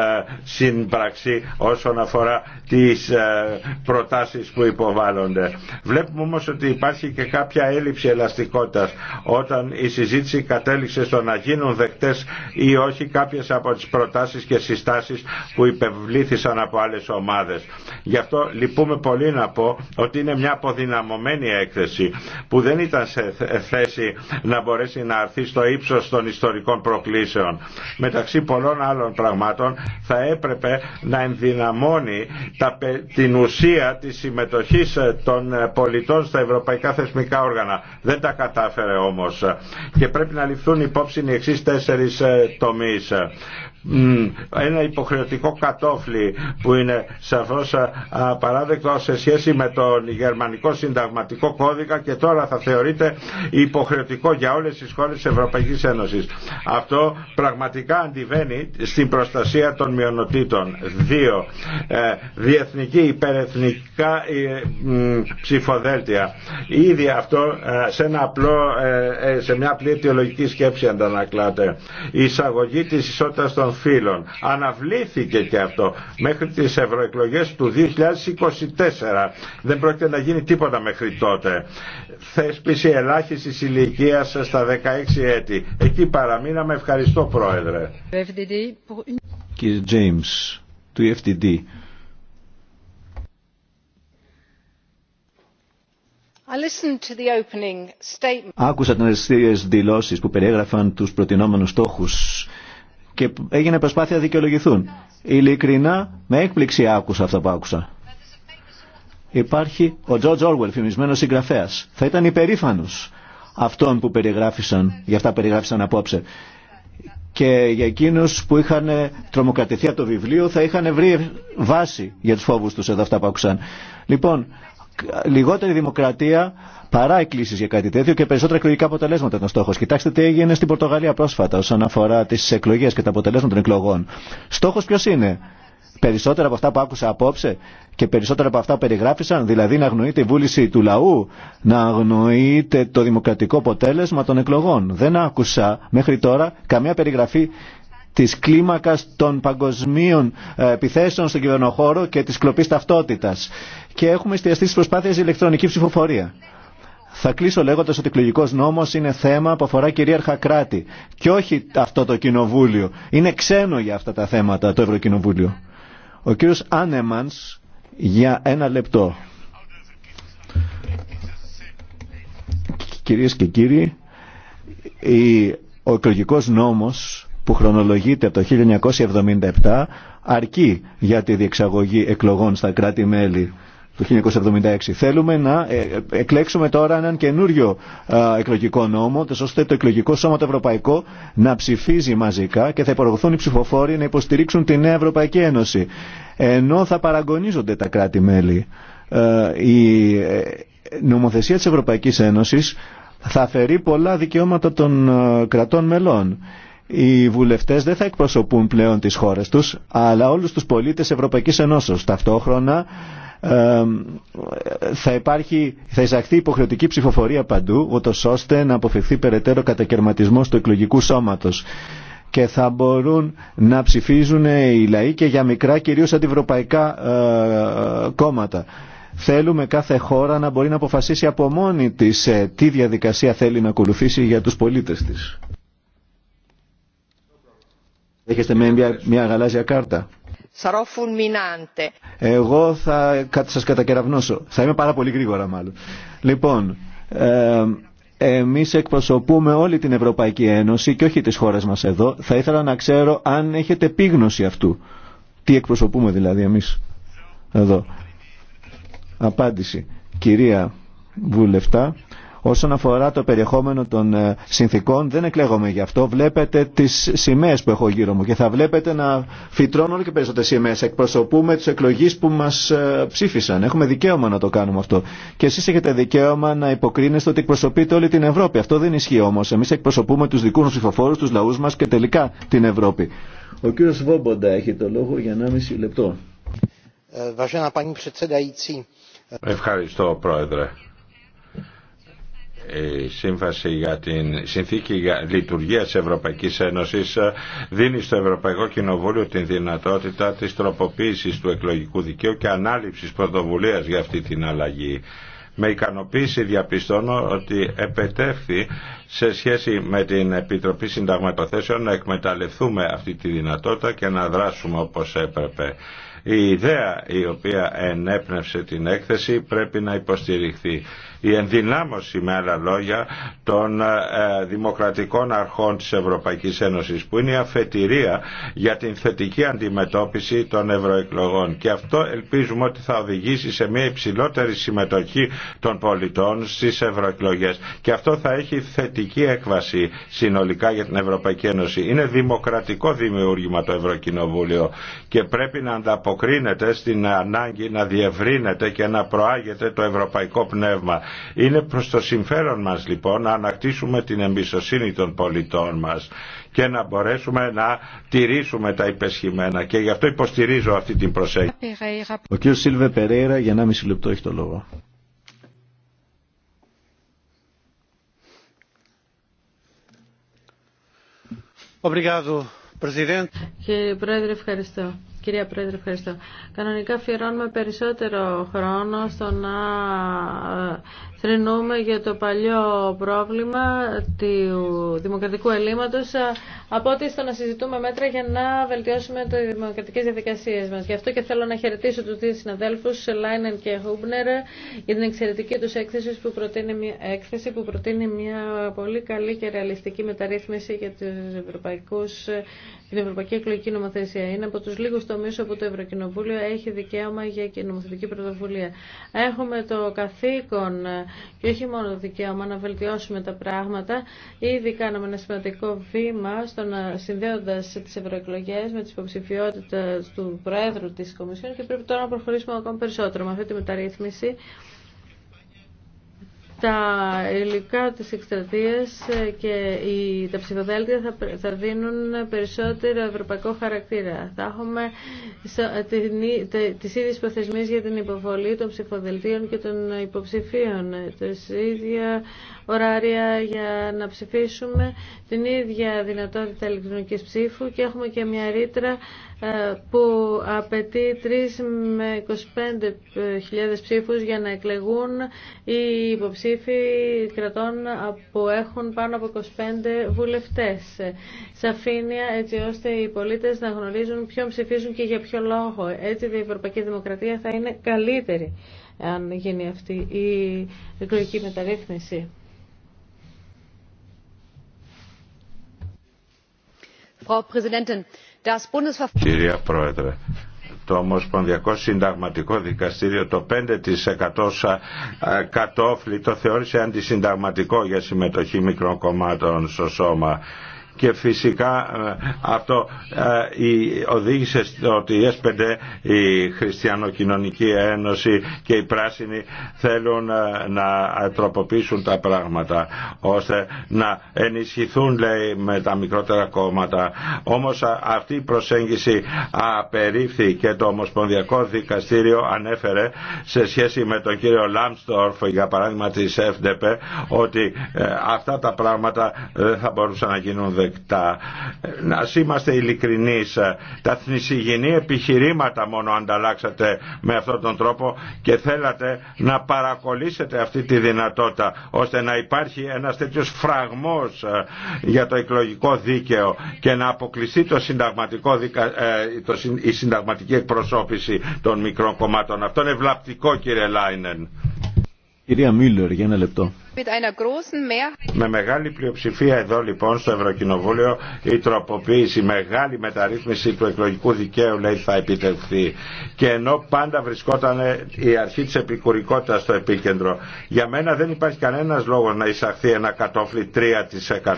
[SPEAKER 2] σύμπραξη όσον αφορά τις ε, προτάσεις που υποβάλλονται. Βλέπουμε όμως ότι υπάρχει και κάποια έλλειψη ελαστικότητας όταν η συζήτηση κατέληξε στο να γίνουν δεκτές ή όχι κάποιες από τις προτάσεις και συστάσεις που υπευλήθησαν από άλλες ομάδες. Γι' αυτό λυπούμε πολύ να πω ότι είναι μια αποδυναμωμένη έκθεση που δεν ήταν σε θέση να μπορέσει να αρθεί στο ύψος των ιστορικών προκλήσεων. Μεταξύ πολλών άλλων πραγμάτων θα έπρεπε να ενδυναμώνει την ουσία της συμμετοχής ε, των ε, πολιτών στα ευρωπαϊκά θεσμικά όργανα. Δεν τα κατάφερε όμως. Και πρέπει να ληφθούν υπόψη οι εξής τέσσερις ε, τομείς ένα υποχρεωτικό κατόφλι που είναι σαφώς απαράδεκτο σε σχέση με τον γερμανικό συνταγματικό κώδικα και τώρα θα θεωρείται υποχρεωτικό για όλες τις χώρες της Ευρωπαϊκής Ένωσης. Αυτό πραγματικά αντιβαίνει στην προστασία των μειονοτήτων. Δύο, ε, διεθνική υπερεθνικά ε, ψηφοδέλτια. Ήδη αυτό ε, σε, ένα απλό, σε μια απλή αιτιολογική σκέψη αντανακλάται. Η εισαγωγή της ισότητας των Αναβλήθηκε και αυτό μέχρι τις ευρωεκλογές του 2024. Δεν πρόκειται να γίνει τίποτα μέχρι τότε. Θέσπιση ελάχιστη ηλικία στα 16 έτη. Εκεί παραμείναμε. Ευχαριστώ Πρόεδρε.
[SPEAKER 3] Κύριε James, του Άκουσα τις δηλώσεις που περιέγραφαν τους προτινόμενους στόχους και έγινε προσπάθεια να δικαιολογηθούν. Ειλικρινά, με έκπληξη άκουσα αυτά που άκουσα. Υπάρχει ο Τζορτζ Όρουελ, φημισμένο συγγραφέα. Θα ήταν υπερήφανο αυτών που περιγράφησαν, για αυτά περιγράφησαν απόψε. Και για εκείνου που είχαν τρομοκρατηθεί από το βιβλίο θα είχαν βρει βάση για του φόβου του εδώ αυτά που άκουσαν. Λοιπόν, λιγότερη δημοκρατία παρά εκκλήσει για κάτι τέτοιο και περισσότερα εκλογικά αποτελέσματα ήταν ο στόχο. Κοιτάξτε τι έγινε στην Πορτογαλία πρόσφατα όσον αφορά τι εκλογέ και τα αποτελέσματα των εκλογών. Στόχο ποιο είναι. Περισσότερα από αυτά που άκουσα απόψε και περισσότερα από αυτά που περιγράφησαν, δηλαδή να αγνοείται η βούληση του λαού, να αγνοείται το δημοκρατικό αποτέλεσμα των εκλογών. Δεν άκουσα μέχρι τώρα καμία περιγραφή τη κλίμακα των παγκοσμίων ε, επιθέσεων στον κυβερνοχώρο και τη κλοπή ταυτότητα. Και έχουμε εστιαστεί στι προσπάθειε ηλεκτρονική ψηφοφορία. Θα κλείσω λέγοντα ότι ο εκλογικό νόμο είναι θέμα που αφορά κυρίαρχα κράτη και όχι αυτό το κοινοβούλιο. Είναι ξένο για αυτά τα θέματα το Ευρωκοινοβούλιο. Ο κύριο Άνεμαν για ένα λεπτό. Κυρίες και κύριοι, ο εκλογικό νόμος που χρονολογείται από το 1977 αρκεί για τη διεξαγωγή εκλογών στα κράτη-μέλη του 1976. Θέλουμε να ε, ε, εκλέξουμε τώρα έναν καινούριο εκλογικό νόμο, ώστε το εκλογικό σώμα το ευρωπαϊκό να ψηφίζει μαζικά και θα υπορροφηθούν οι ψηφοφόροι να υποστηρίξουν τη νέα Ευρωπαϊκή Ένωση. Ενώ θα παραγωνίζονται τα κράτη-μέλη. Ε, η νομοθεσία της Ευρωπαϊκής Ένωσης θα αφαιρεί πολλά δικαιώματα των κρατών μελών. Οι βουλευτέ δεν θα εκπροσωπούν πλέον τι χώρε του, αλλά όλου του πολίτε Ευρωπαϊκή Ενώσεω. Ταυτόχρονα θα, υπάρχει, θα εισαχθεί υποχρεωτική ψηφοφορία παντού, ώστε να αποφευθεί περαιτέρω κατακαιρματισμό του εκλογικού σώματος και θα μπορούν να ψηφίζουν οι λαοί και για μικρά κυρίως αντιευρωπαϊκά ε, κόμματα. Θέλουμε κάθε χώρα να μπορεί να αποφασίσει από μόνη της ε, τι διαδικασία θέλει να ακολουθήσει για του πολίτε τη. Έχετε μια γαλάζια κάρτα. Εγώ θα σας κατακεραυνώσω. Θα είμαι πάρα πολύ γρήγορα μάλλον. Λοιπόν, ε, εμείς εκπροσωπούμε όλη την Ευρωπαϊκή Ένωση και όχι τις χώρες μας εδώ. Θα ήθελα να ξέρω αν έχετε επίγνωση αυτού. Τι εκπροσωπούμε δηλαδή εμείς εδώ. Απάντηση. Κυρία Βουλευτά, Όσον αφορά το περιεχόμενο των ε, συνθήκων, δεν εκλέγομαι γι' αυτό. Βλέπετε τι σημαίε που έχω γύρω μου και θα βλέπετε να φυτρώνω όλο και περισσότερε σημαίε. Εκπροσωπούμε τι εκλογέ που μα ε, ψήφισαν. Έχουμε δικαίωμα να το κάνουμε αυτό. Και εσεί έχετε δικαίωμα να υποκρίνεστε ότι εκπροσωπείτε όλη την Ευρώπη. Αυτό δεν ισχύει όμω. Εμεί εκπροσωπούμε του δικού μα ψηφοφόρου, του λαού μα και τελικά την Ευρώπη. Ο κύριο Βόμποντα έχει το λόγο για 1,5 λεπτό.
[SPEAKER 2] Ε, Ευχαριστώ, Πρόεδρε η σύμβαση για την συνθήκη για λειτουργία της Ευρωπαϊκής Ένωσης δίνει στο Ευρωπαϊκό Κοινοβούλιο την δυνατότητα της τροποποίησης του εκλογικού δικαίου και ανάληψης πρωτοβουλίας για αυτή την αλλαγή. Με ικανοποίηση διαπιστώνω ότι επετεύχθη σε σχέση με την Επιτροπή Συνταγματοθέσεων να εκμεταλλευτούμε αυτή τη δυνατότητα και να δράσουμε όπως έπρεπε. Η ιδέα η οποία ενέπνευσε την έκθεση πρέπει να υποστηριχθεί η ενδυνάμωση με άλλα λόγια των ε, δημοκρατικών αρχών της Ευρωπαϊκής Ένωσης που είναι η αφετηρία για την θετική αντιμετώπιση των ευρωεκλογών και αυτό ελπίζουμε ότι θα οδηγήσει σε μια υψηλότερη συμμετοχή των πολιτών στις ευρωεκλογές και αυτό θα έχει θετική έκβαση συνολικά για την Ευρωπαϊκή Ένωση. Είναι δημοκρατικό δημιούργημα το Ευρωκοινοβούλιο και πρέπει να ανταποκρίνεται στην ανάγκη να διευρύνεται και να προάγεται το ευρωπαϊκό πνεύμα είναι προς το συμφέρον μας λοιπόν να ανακτήσουμε την εμπιστοσύνη των πολιτών μας και να μπορέσουμε να τηρήσουμε τα υπεσχημένα και γι' αυτό υποστηρίζω
[SPEAKER 3] αυτή την προσέγγιση. Ο κ. Σίλβε Περέιρα για 1,5 λεπτό έχει το λόγο. Κύριε
[SPEAKER 1] Πρόεδρε, ευχαριστώ κυρία Πρόεδρε, ευχαριστώ. Κανονικά αφιερώνουμε περισσότερο χρόνο στο να ε, θρυνούμε για το παλιό πρόβλημα του δημοκρατικού ελλείμματος ε, από ότι στο να συζητούμε μέτρα για να βελτιώσουμε τις δημοκρατικές διαδικασίες μας. Γι' αυτό και θέλω να χαιρετήσω τους δύο συναδέλφους, Λάινεν και Χούμπνερ, για την εξαιρετική τους έκθεση που προτείνει μια, έκθεση που προτείνει μια πολύ καλή και ρεαλιστική μεταρρύθμιση για τους ευρωπαϊκούς, την Ευρωπαϊκή Εκλογική Νομοθεσία. Είναι από τους λίγους νομίζω όπου το Ευρωκοινοβούλιο έχει δικαίωμα για νομοθετική πρωτοβουλία. Έχουμε το καθήκον ε, και όχι μόνο το δικαίωμα να βελτιώσουμε τα πράγματα. Ήδη κάναμε ένα σημαντικό βήμα στο να τις ευρωεκλογέ με τι υποψηφιότητε του Προέδρου τη Κομισιόν και πρέπει τώρα να προχωρήσουμε ακόμα περισσότερο με αυτή τη μεταρρύθμιση τα υλικά της εκστρατείας και τα ψηφοδέλτια θα, δίνουν περισσότερο ευρωπαϊκό χαρακτήρα. Θα έχουμε τις ίδιες προθεσμίες για την υποβολή των ψηφοδελτίων και των υποψηφίων. Τις ίδια ωράρια για να ψηφίσουμε την ίδια δυνατότητα ηλεκτρονικής ψήφου και έχουμε και μια ρήτρα ε, που απαιτεί 3 με 25.000 ε, ψήφους για να εκλεγούν οι υποψήφοι κρατών που έχουν πάνω από 25 βουλευτές. Σαφήνεια έτσι ώστε οι πολίτες να γνωρίζουν ποιον ψηφίζουν και για ποιο λόγο. Έτσι η Ευρωπαϊκή Δημοκρατία θα είναι καλύτερη αν γίνει αυτή η εκλογική μεταρρύθμιση. Κυρία
[SPEAKER 2] Πρόεδρε, το Ομοσπονδιακό Συνταγματικό Δικαστήριο το 5% ε, κατόφλι το θεώρησε αντισυνταγματικό για συμμετοχή μικρών κομμάτων στο σώμα και φυσικά ε, αυτό ε, οδήγησε στο ότι η S5 η Χριστιανοκοινωνική Ένωση και οι πράσινοι θέλουν ε, να τροποποιήσουν τα πράγματα ώστε να ενισχυθούν λέει με τα μικρότερα κόμματα όμως αυτή η προσέγγιση απερίφθη και το Ομοσπονδιακό Δικαστήριο ανέφερε σε σχέση με τον κύριο Λάμστορφ για παράδειγμα της FDP ότι αυτά τα πράγματα δεν θα μπορούσαν να γίνουν να είμαστε ειλικρινεί. Ε, τα θνησιγενή επιχειρήματα μόνο ανταλλάξατε με αυτόν τον τρόπο και θέλατε να παρακολύσετε αυτή τη δυνατότητα ώστε να υπάρχει ένας τέτοιος φραγμός ε, για το εκλογικό δίκαιο και να αποκλειστεί το συνταγματικό ε, το... η συνταγματική εκπροσώπηση των μικρών κομμάτων. Αυτό είναι βλαπτικό κύριε Λάινεν.
[SPEAKER 3] Κυρία Μίλλερ για ένα λεπτό.
[SPEAKER 2] Με μεγάλη πλειοψηφία εδώ λοιπόν στο Ευρωκοινοβούλιο η τροποποίηση, η μεγάλη μεταρρύθμιση του εκλογικού δικαίου λέει θα επιτευχθεί. Και ενώ πάντα βρισκόταν η αρχή της επικουρικότητας στο επίκεντρο, για μένα δεν υπάρχει κανένας λόγο να εισαχθεί ένα κατόφλι 3%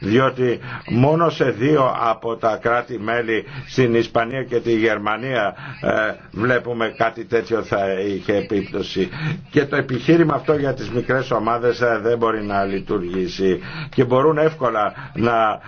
[SPEAKER 2] διότι μόνο σε δύο από τα κράτη-μέλη στην Ισπανία και τη Γερμανία ε, βλέπουμε κάτι τέτοιο θα είχε επίπτωση. Και το επιχείρημα αυτό για τις μικρές ε, δεν μπορεί να λειτουργήσει και μπορούν εύκολα να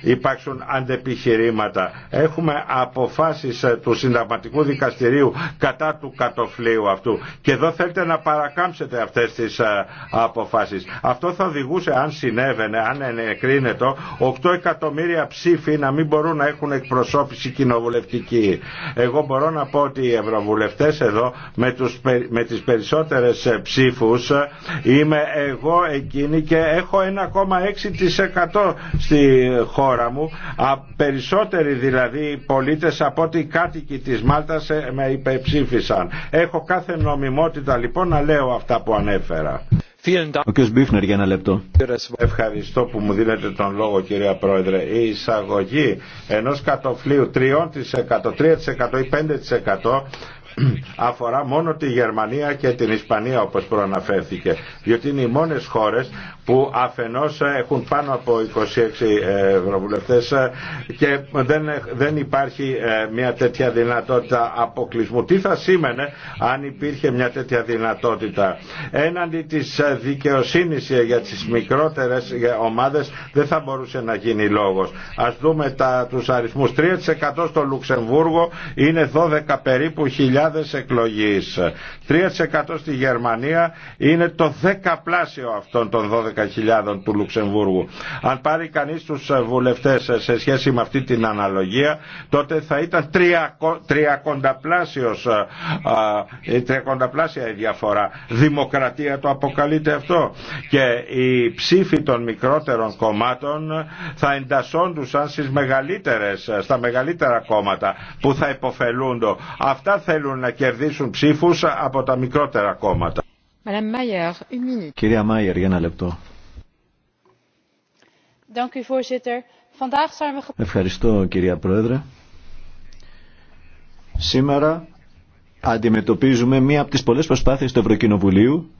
[SPEAKER 2] υπάρξουν αντεπιχειρήματα. Έχουμε αποφάσεις ε, του συνταγματικού δικαστηρίου κατά του κατοφλίου αυτού και εδώ θέλετε να παρακάμψετε αυτές τις ε, αποφάσεις. Αυτό θα οδηγούσε αν συνέβαινε, αν ενεκρίνεται 8 εκατομμύρια ψήφοι να μην μπορούν να έχουν εκπροσώπηση κοινοβουλευτική. Εγώ μπορώ να πω ότι οι ευρωβουλευτές εδώ με, τους, με τις περισσότερες ψήφους είμαι εγώ εκείνη και έχω 1,6% στη χώρα μου περισσότεροι δηλαδή πολίτες από ότι οι κάτοικοι της Μάλτας ε, με υπεψήφισαν έχω κάθε νομιμότητα λοιπόν να λέω αυτά που
[SPEAKER 3] ανέφερα ο κ. για ένα λεπτό.
[SPEAKER 2] Ευχαριστώ που μου δίνετε τον λόγο κυρία Πρόεδρε. Η εισαγωγή ενός κατοφλίου 3%, 3% ή 5% αφορά μόνο τη Γερμανία και την Ισπανία όπως προαναφέρθηκε διότι είναι οι μόνες χώρες που αφενός έχουν πάνω από 26 ε, ευρωβουλευτές ε, και δεν, δεν υπάρχει ε, μια τέτοια δυνατότητα αποκλεισμού. Τι θα σήμαινε αν υπήρχε μια τέτοια δυνατότητα. Έναντι της δικαιοσύνης για τις μικρότερες ομάδες δεν θα μπορούσε να γίνει λόγος. Ας δούμε τα, τους αριθμούς. 3% στο Λουξεμβούργο είναι 12 περίπου χιλιάδες εκλογείς. 3% στη Γερμανία είναι το 10 πλάσιο αυτών των 12 12.000 του Λουξεμβούργου. Αν πάρει κανείς τους βουλευτέ σε σχέση με αυτή την αναλογία, τότε θα ήταν τριακονταπλάσια η διαφορά. Δημοκρατία το αποκαλείται αυτό. Και οι ψήφοι των μικρότερων κομμάτων θα εντασσόντουσαν στι μεγαλύτερε στα μεγαλύτερα κόμματα που θα υποφελούνται. Αυτά θέλουν να κερδίσουν ψήφου από τα μικρότερα κόμματα.
[SPEAKER 3] Κυρία Μάιερ, για ένα λεπτό. Ευχαριστώ κυρία Πρόεδρε. Σήμερα αντιμετωπίζουμε μία από τις πολλές προσπάθειες του Ευρωκοινοβουλίου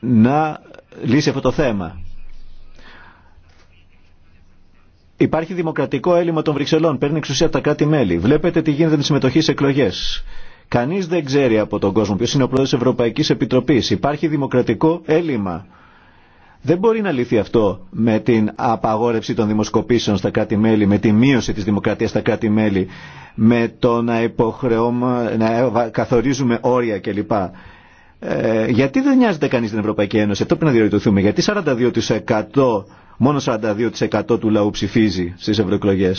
[SPEAKER 3] να λύσει αυτό το θέμα. Υπάρχει δημοκρατικό έλλειμμα των Βρυξελών, παίρνει εξουσία από τα κράτη-μέλη. Βλέπετε τι γίνεται με τη συμμετοχή σε εκλογές. Κανείς δεν ξέρει από τον κόσμο ποιος είναι ο πρόεδρος της Ευρωπαϊκής Επιτροπής. Υπάρχει δημοκρατικό έλλειμμα. Δεν μπορεί να λυθεί αυτό με την απαγόρευση των δημοσκοπήσεων στα κράτη-μέλη, με τη μείωση της δημοκρατίας στα κράτη-μέλη, με το να, να καθορίζουμε όρια κλπ. Ε, γιατί δεν νοιάζεται κανείς την Ευρωπαϊκή Ένωση, αυτό πρέπει να διορθωθούμε. Γιατί 42% μόνο 42% του λαού ψηφίζει στις ευρωεκλογέ.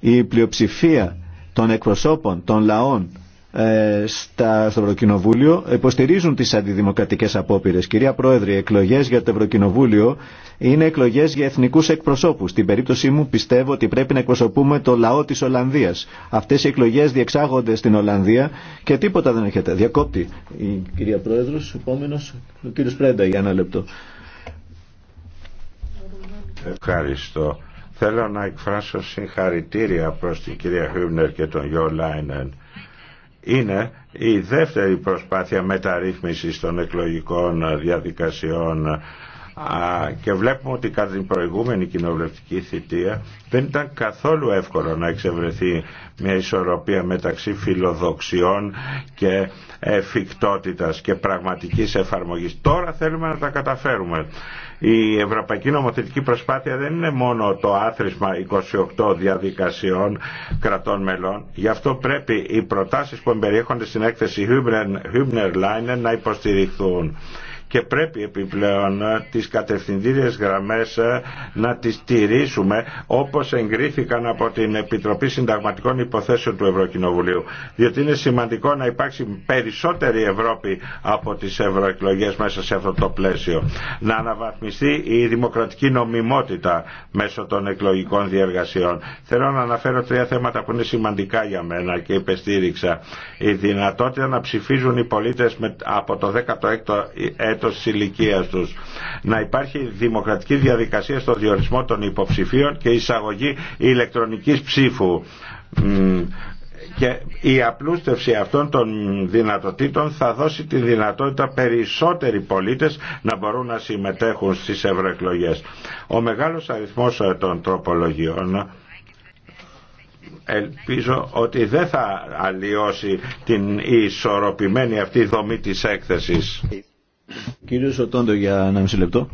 [SPEAKER 3] Η πλειοψηφία των εκπροσώπων των λαών ε, στο Ευρωκοινοβούλιο υποστηρίζουν τις αντιδημοκρατικές απόπειρες. Κυρία Πρόεδρε, οι εκλογές για το Ευρωκοινοβούλιο είναι εκλογές για εθνικούς εκπροσώπους. Στην περίπτωση μου πιστεύω ότι πρέπει να εκπροσωπούμε το λαό της Ολλανδίας. Αυτές οι εκλογές διεξάγονται στην Ολλανδία και τίποτα δεν έχετε. Διακόπτη η κυρία Πρόεδρος, επόμενος ο κύριος Πρέντα για ένα λεπτό.
[SPEAKER 2] Ευχαριστώ. Θέλω να εκφράσω συγχαρητήρια προς την κυρία Χρύμνερ και τον Γιώ είναι η δεύτερη προσπάθεια μεταρρύθμισης των εκλογικών διαδικασιών και βλέπουμε ότι κατά την προηγούμενη κοινοβουλευτική θητεία δεν ήταν καθόλου εύκολο να εξευρεθεί μια ισορροπία μεταξύ φιλοδοξιών και εφικτότητας και πραγματικής εφαρμογής. Τώρα θέλουμε να τα καταφέρουμε η ευρωπαϊκή νομοθετική προσπάθεια δεν είναι μόνο το άθροισμα 28 διαδικασιών κρατών μελών. Γι' αυτό πρέπει οι προτάσεις που εμπεριέχονται στην έκθεση Hübner-Leinen να υποστηριχθούν και πρέπει επιπλέον τις κατευθυντήριες γραμμές ε, να τις τηρήσουμε όπως εγκρίθηκαν από την Επιτροπή Συνταγματικών Υποθέσεων του Ευρωκοινοβουλίου. Διότι είναι σημαντικό να υπάρξει περισσότερη Ευρώπη από τις ευρωεκλογέ μέσα σε αυτό το πλαίσιο. Να αναβαθμιστεί η δημοκρατική νομιμότητα μέσω των εκλογικών διεργασιών. Θέλω να αναφέρω τρία θέματα που είναι σημαντικά για μένα και υπεστήριξα. Η δυνατότητα να ψηφίζουν οι πολίτες από το 16ο έτος της ηλικίας τους. Να υπάρχει δημοκρατική διαδικασία στο διορισμό των υποψηφίων και εισαγωγή ηλεκτρονικής ψήφου και η απλούστευση αυτών των δυνατοτήτων θα δώσει τη δυνατότητα περισσότεροι πολίτες να μπορούν να συμμετέχουν στις ευρωεκλογέ. Ο μεγάλος αριθμός των τροπολογιών ελπίζω ότι δεν θα αλλοιώσει την ισορροπημένη αυτή δομή της έκθεσης.
[SPEAKER 3] Κύριε Σωτόντο για ένα μισή λεπτό.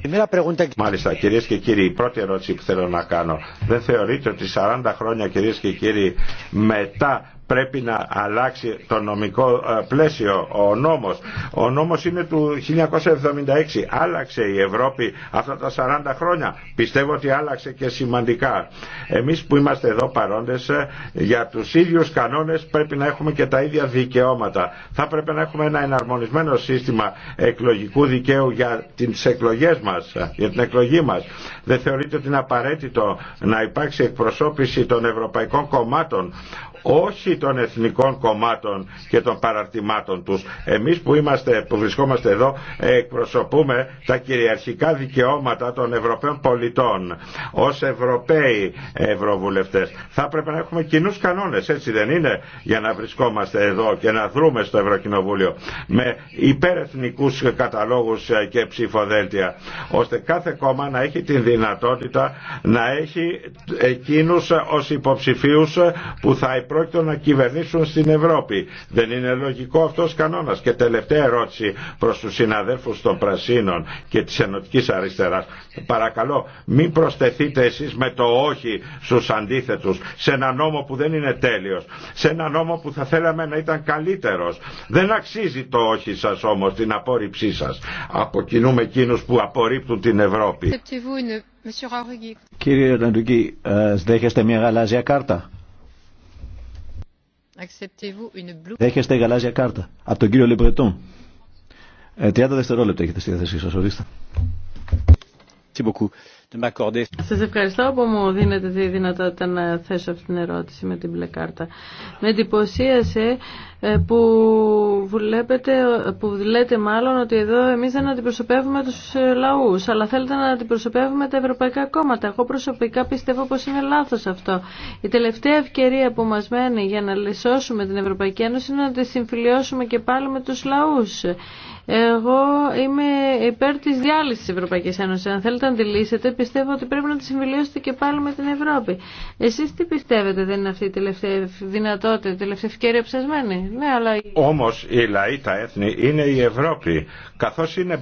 [SPEAKER 3] Μάλιστα
[SPEAKER 2] κυρίε και κύριοι, η πρώτη ερώτηση που θέλω να κάνω. Δεν θεωρείτε ότι 40 χρόνια κυρίε και κύριοι μετά πρέπει να αλλάξει το νομικό ε, πλαίσιο, ο νόμος. Ο νόμος είναι του 1976. Άλλαξε η Ευρώπη αυτά τα 40 χρόνια. Πιστεύω ότι άλλαξε και σημαντικά. Εμείς που είμαστε εδώ παρόντες ε, για τους ίδιους κανόνες πρέπει να έχουμε και τα ίδια δικαιώματα. Θα πρέπει να έχουμε ένα εναρμονισμένο σύστημα εκλογικού δικαίου για τις εκλογές μας, ε, για την εκλογή μας. Δεν θεωρείτε ότι είναι απαραίτητο να υπάρξει εκπροσώπηση των ευρωπαϊκών κομμάτων όχι των εθνικών κομμάτων και των παραρτημάτων τους. Εμείς που, είμαστε, που βρισκόμαστε εδώ εκπροσωπούμε τα κυριαρχικά δικαιώματα των Ευρωπαίων πολιτών ως Ευρωπαίοι Ευρωβουλευτές. Θα πρέπει να έχουμε κοινούς κανόνες, έτσι δεν είναι, για να βρισκόμαστε εδώ και να δρούμε στο Ευρωκοινοβούλιο με υπερεθνικούς καταλόγους και ψηφοδέλτια, ώστε κάθε κόμμα να έχει την δυνατότητα να έχει εκείνους ως υποψηφίους που θα Πρόκειται να κυβερνήσουν στην Ευρώπη. Δεν είναι λογικό αυτός κανόνας. Και τελευταία ερώτηση προς τους συναδέλφους των Πρασίνων και της Ενωτικής Αριστεράς. Παρακαλώ μην προσθεθείτε εσείς με το όχι στους αντίθετους σε ένα νόμο που δεν είναι τέλειος. Σε ένα νόμο που θα θέλαμε να ήταν καλύτερος. Δεν αξίζει το όχι σας όμως την απόρριψή σας. Αποκινούμε εκείνους που απορρίπτουν την Ευρώπη.
[SPEAKER 3] Κύριε Ραντουγκί ε, δέχεστε μια γαλάζια κάρτα. Δέχεστε γαλάζια κάρτα από τον κύριο Λεμπρετόν. Ε, 30 δευτερόλεπτα έχετε στη διάθεσή σα, ορίστε. Σα
[SPEAKER 1] Σας ευχαριστώ που μου δίνετε τη δυνατότητα να θέσω αυτή την ερώτηση με την μπλε κάρτα. Με εντυπωσίασε ε, που βλέπετε, που λέτε μάλλον ότι εδώ εμείς δεν αντιπροσωπεύουμε τους ε, λαούς, αλλά θέλετε να αντιπροσωπεύουμε τα ευρωπαϊκά κόμματα. Εγώ προσωπικά πιστεύω πως είναι λάθος αυτό. Η τελευταία ευκαιρία που μας μένει για να λυσώσουμε την Ευρωπαϊκή Ένωση είναι να τη συμφιλειώσουμε και πάλι με τους λαούς. Εγώ είμαι υπέρ τη διάλυσης τη Ευρωπαϊκή Ένωση. Αν θέλετε να τη λύσετε, πιστεύω ότι πρέπει να τη συμβιλίωσετε και πάλι με την Ευρώπη. Εσεί, τι πιστεύετε, δεν είναι αυτή η τελευταία δυνατότητα, η τελευταία ευκαιρία ψασμένη. Ναι, αλλά...
[SPEAKER 2] Όμως οι λαοί, τα έθνη, είναι η Ευρώπη. Καθώ είναι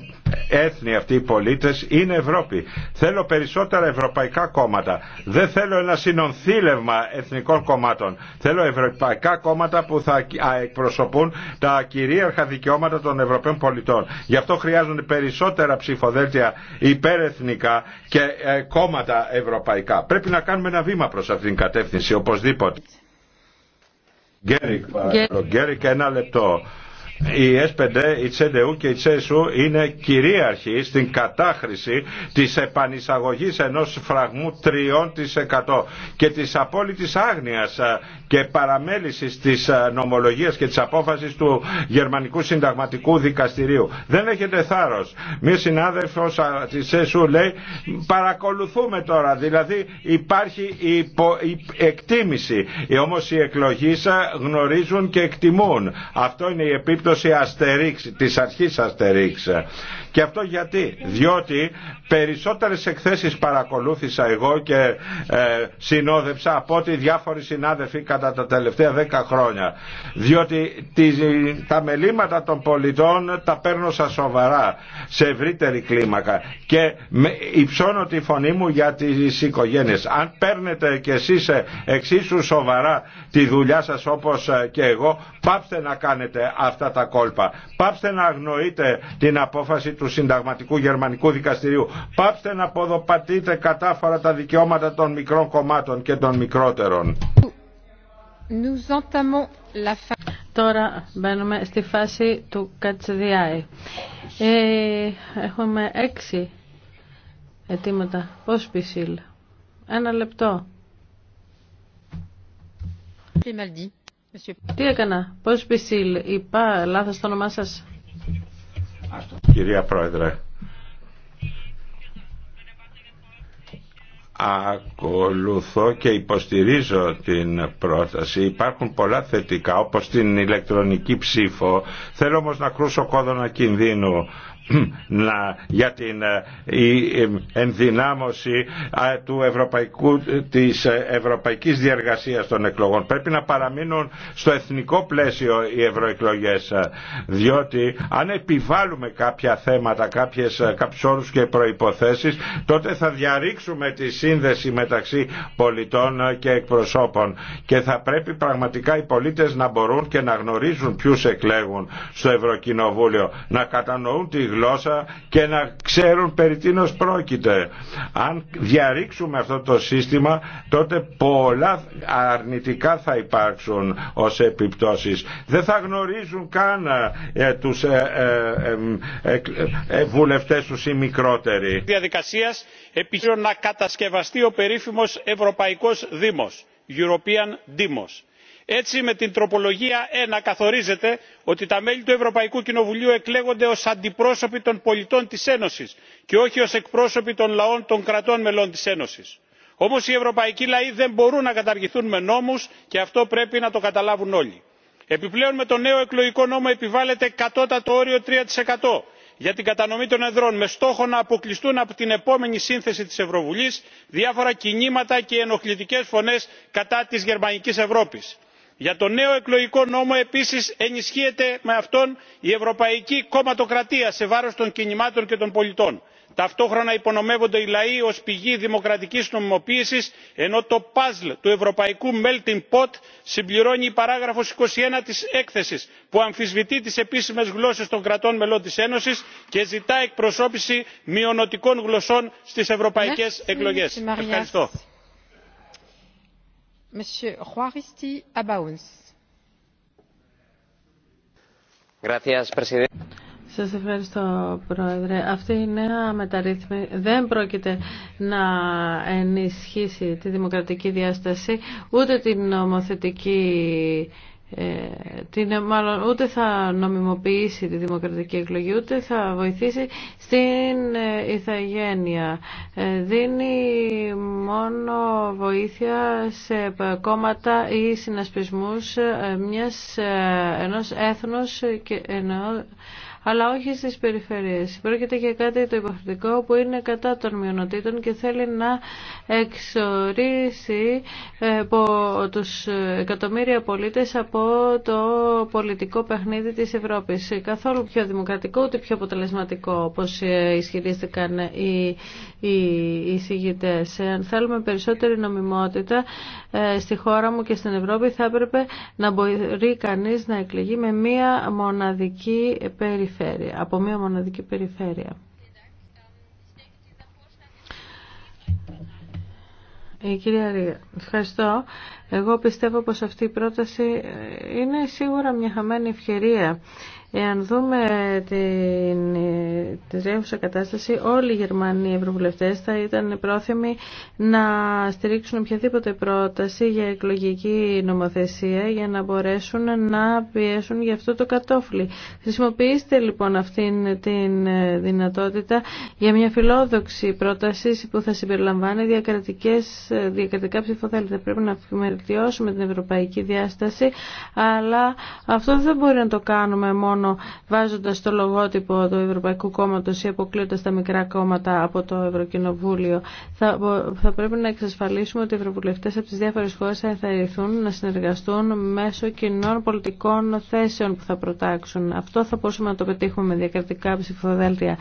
[SPEAKER 2] έθνη αυτοί οι πολίτε είναι Ευρώπη. Θέλω περισσότερα ευρωπαϊκά κόμματα. Δεν θέλω ένα συνονθήλευμα εθνικών κομμάτων. Θέλω ευρωπαϊκά κόμματα που θα εκπροσωπούν τα κυρίαρχα δικαιώματα των Ευρωπαίων πολιτών πολιτών. Γι' αυτό χρειάζονται περισσότερα ψηφοδέλτια υπερεθνικά και ε, κόμματα ευρωπαϊκά. Πρέπει να κάνουμε ένα βήμα προς αυτήν την κατεύθυνση, οπωσδήποτε. Γκέρικ, ένα λεπτό. Η S5, η CDU και η CSU είναι κυρίαρχοι στην κατάχρηση της επανεισαγωγής ενός φραγμού 3% και της απόλυτης άγνοιας ε, και παραμέλησης της ε, νομολογίας και της απόφασης του Γερμανικού Συνταγματικού Δικαστηρίου. Δεν έχετε θάρρος. Μία συνάδελφος της CSU λέει παρακολουθούμε τώρα, δηλαδή υπάρχει υπο, εκτίμηση. Ε, όμως οι εκλογείς γνωρίζουν και εκτιμούν. Αυτό είναι η περίπτωση αστερίξ, της αρχής αστερίξ και αυτό γιατί. Διότι περισσότερες εκθέσεις παρακολούθησα εγώ και ε, συνόδεψα από ότι διάφοροι συνάδελφοι κατά τα τελευταία δέκα χρόνια. Διότι τις, τα μελήματα των πολιτών τα παίρνω σα σοβαρά σε ευρύτερη κλίμακα και με, υψώνω τη φωνή μου για τις οικογένειες. Αν παίρνετε κι εσείς ε, εξίσου σοβαρά τη δουλειά σας όπως ε, και εγώ, πάψτε να κάνετε αυτά τα κόλπα. Πάψτε να αγνοείτε την απόφαση του συνταγματικού γερμανικού δικαστηρίου. Πάψτε να ποδοπατείτε κατάφορα τα δικαιώματα των μικρών κομμάτων και των μικρότερων.
[SPEAKER 1] Τώρα μπαίνουμε στη φάση του Κατσεδιάη. έχουμε έξι αιτήματα. Πώς πισίλ. Ένα λεπτό. Τι έκανα. Πώς πισίλ. Είπα λάθος το όνομά σας.
[SPEAKER 2] Κυρία Πρόεδρε, ακολουθώ και υποστηρίζω την πρόταση. Υπάρχουν πολλά θετικά, όπως την ηλεκτρονική ψήφο. Θέλω όμως να κρούσω κόδωνα κινδύνου να, για την ε, η ε, ενδυνάμωση ε, του ευρωπαϊκού, της ευρωπαϊκής διαργασίας των εκλογών. Πρέπει να παραμείνουν στο εθνικό πλαίσιο οι ευρωεκλογέ. διότι αν επιβάλλουμε κάποια θέματα, κάποιες, κάποιους και προϋποθέσεις, τότε θα διαρρήξουμε τη σύνδεση μεταξύ πολιτών και εκπροσώπων και θα πρέπει πραγματικά οι πολίτες να μπορούν και να γνωρίζουν ποιους εκλέγουν στο Ευρωκοινοβούλιο, να κατανοούν τη γλώσσα γλώσσα και να ξέρουν περί τίνος πρόκειται. Αν διαρρήξουμε αυτό το σύστημα τότε πολλά αρνητικά θα υπάρξουν ως επιπτώσεις. Δεν θα γνωρίζουν καν ε, ε τους ε ε, ε, ε, βουλευτές τους οι μικρότεροι.
[SPEAKER 4] Διαδικασίας επιχείρησε να κατασκευαστεί ο περίφημος Ευρωπαϊκός Δήμος, European Demos έτσι με την τροπολογία ένα καθορίζεται ότι τα μέλη του ευρωπαϊκού κοινοβουλίου εκλέγονται ως αντιπρόσωποι των πολιτών της ένωσης και όχι ως εκπρόσωποι των λαών των κρατών μελών της ένωσης. όμως οι ευρωπαϊκοί λαοί δεν μπορούν να καταργηθούν με νόμους και αυτό πρέπει να το καταλάβουν όλοι. επιπλέον με το νέο εκλογικό νόμο επιβάλλεται κατώτατο όριο τρία για την κατανομή των εδρών με στόχο να αποκλειστούν από την επόμενη σύνθεση της ευρωβουλής διάφορα κινήματα και ενοχλητικές φωνές κατά της γερμανικής ευρώπης για τον νέο εκλογικό νόμο επίσης ενισχύεται με αυτόν η ευρωπαϊκή κομματοκρατία σε βάρος των κινημάτων και των πολιτών. ταυτόχρονα υπονομεύονται οι λαοί ως πηγή δημοκρατικής νομιμοποίησης ενώ το παζλ του ευρωπαϊκού melting pot συμπληρώνει η παράγραφος 21 της έκθεσης που αμφισβητεί τις επίσημες γλώσσες των κρατών μελών της ένωσης και ζητά εκπροσώπηση μειωνοτικών γλωσσών στις ευρωπαϊκές εκλογές. ευχαριστώ.
[SPEAKER 1] Σας ευχαριστώ Πρόεδρε. Αυτή η νέα μεταρρύθμιση δεν πρόκειται να ενισχύσει τη δημοκρατική διάσταση ούτε την νομοθετική ε, την, μάλλον, ούτε θα νομιμοποιήσει τη δημοκρατική εκλογή ούτε θα βοηθήσει στην ε, ηθαγένεια ε, δίνει μόνο βοήθεια σε κόμματα ή συνασπισμούς μιας, ενός έθνους και ενός αλλά όχι στις περιφερειές. Πρόκειται για κάτι το υποχρεωτικό που είναι κατά των μειονοτήτων και θέλει να εξορίσει ε, τους εκατομμύρια πολίτες από το πολιτικό παιχνίδι της Ευρώπης. Καθόλου πιο δημοκρατικό ούτε πιο αποτελεσματικό όπως ε, ισχυρίστηκαν οι, οι, ε, Αν θέλουμε περισσότερη νομιμότητα στη χώρα μου και στην Ευρώπη θα έπρεπε να μπορεί κανείς να εκλεγεί με μία μοναδική περιφέρεια περιφέρεια, από μία μοναδική περιφέρεια. Η ε, κυρία Ρίγα, ευχαριστώ. Εγώ πιστεύω πως αυτή η πρόταση ε, είναι σίγουρα μια χαμένη ευκαιρία Εάν δούμε την, την τρέχουσα κατάσταση, όλοι οι Γερμανοί ευρωβουλευτές θα ήταν πρόθυμοι να στηρίξουν οποιαδήποτε πρόταση για εκλογική νομοθεσία για να μπορέσουν να πιέσουν για αυτό το κατόφλι. Χρησιμοποιήστε λοιπόν αυτήν την δυνατότητα για μια φιλόδοξη πρόταση που θα συμπεριλαμβάνει διακρατικές, διακρατικά ψηφοδέλτια. Πρέπει να βελτιώσουμε την ευρωπαϊκή διάσταση, αλλά αυτό δεν μπορεί να το κάνουμε μόνο χρόνο βάζοντας το λογότυπο του Ευρωπαϊκού Κόμματος ή αποκλείοντας τα μικρά κόμματα από το Ευρωκοινοβούλιο. Θα, θα πρέπει να εξασφαλίσουμε ότι οι ευρωβουλευτές από τις διάφορες χώρες θα ενθαρρυνθούν να συνεργαστούν μέσω κοινών πολιτικών θέσεων που θα προτάξουν. Αυτό θα μπορούσαμε να το πετύχουμε με διακρατικά ψηφοδέλτια.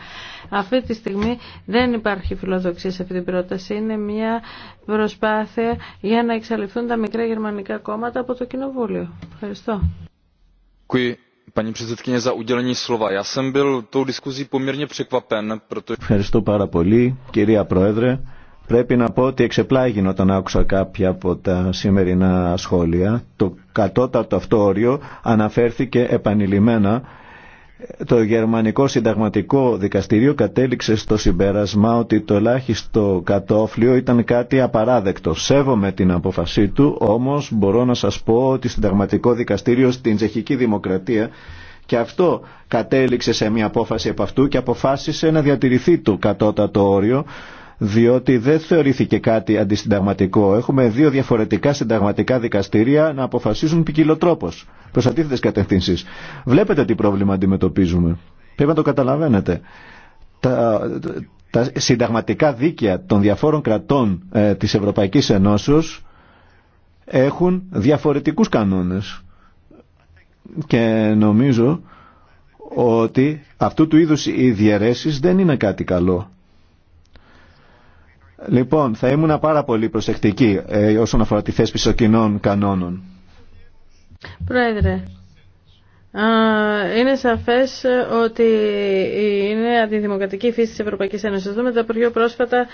[SPEAKER 1] Αυτή τη στιγμή δεν υπάρχει φιλοδοξία σε αυτή την πρόταση. Είναι μια προσπάθεια για να εξαλειφθούν τα μικρά γερμανικά κόμματα από το Κοινοβούλιο. Ευχαριστώ. Qui
[SPEAKER 3] Ευχαριστώ πάρα πολύ, κυρία Πρόεδρε. Πρέπει να πω ότι εξεπλάγει όταν άκουσα κάποια από τα σημερινά σχόλια. Το κατώτατο αυτό όριο αναφέρθηκε επανειλημμένα το γερμανικό συνταγματικό δικαστηρίο κατέληξε στο συμπέρασμα ότι το ελάχιστο κατόφλιο ήταν κάτι απαράδεκτο. Σέβομαι την αποφασή του, όμως μπορώ να σας πω ότι συνταγματικό δικαστήριο στην Τσεχική Δημοκρατία και αυτό κατέληξε σε μια απόφαση από αυτού και αποφάσισε να διατηρηθεί το κατώτατο όριο διότι δεν θεωρήθηκε κάτι αντισυνταγματικό. Έχουμε δύο διαφορετικά συνταγματικά δικαστήρια να αποφασίζουν ποικιλοτρόπω προ αντίθετε κατευθύνσει. Βλέπετε τι πρόβλημα αντιμετωπίζουμε. Πρέπει να το καταλαβαίνετε. Τα, τα συνταγματικά δίκαια των διαφόρων κρατών ε, της Ευρωπαϊκής Ενώσεως έχουν διαφορετικούς κανόνες. Και νομίζω ότι αυτού του είδους οι διαιρέσεις δεν είναι κάτι καλό. Λοιπόν, θα ήμουν πάρα πολύ προσεκτική ε, όσον αφορά τη θέσπιση των κοινών κανόνων.
[SPEAKER 1] Πρόεδρε, είναι σαφές ότι είναι αντιδημοκρατική φύση της Ευρωπαϊκής Ένωσης. Δούμε τα πιο πρόσφατα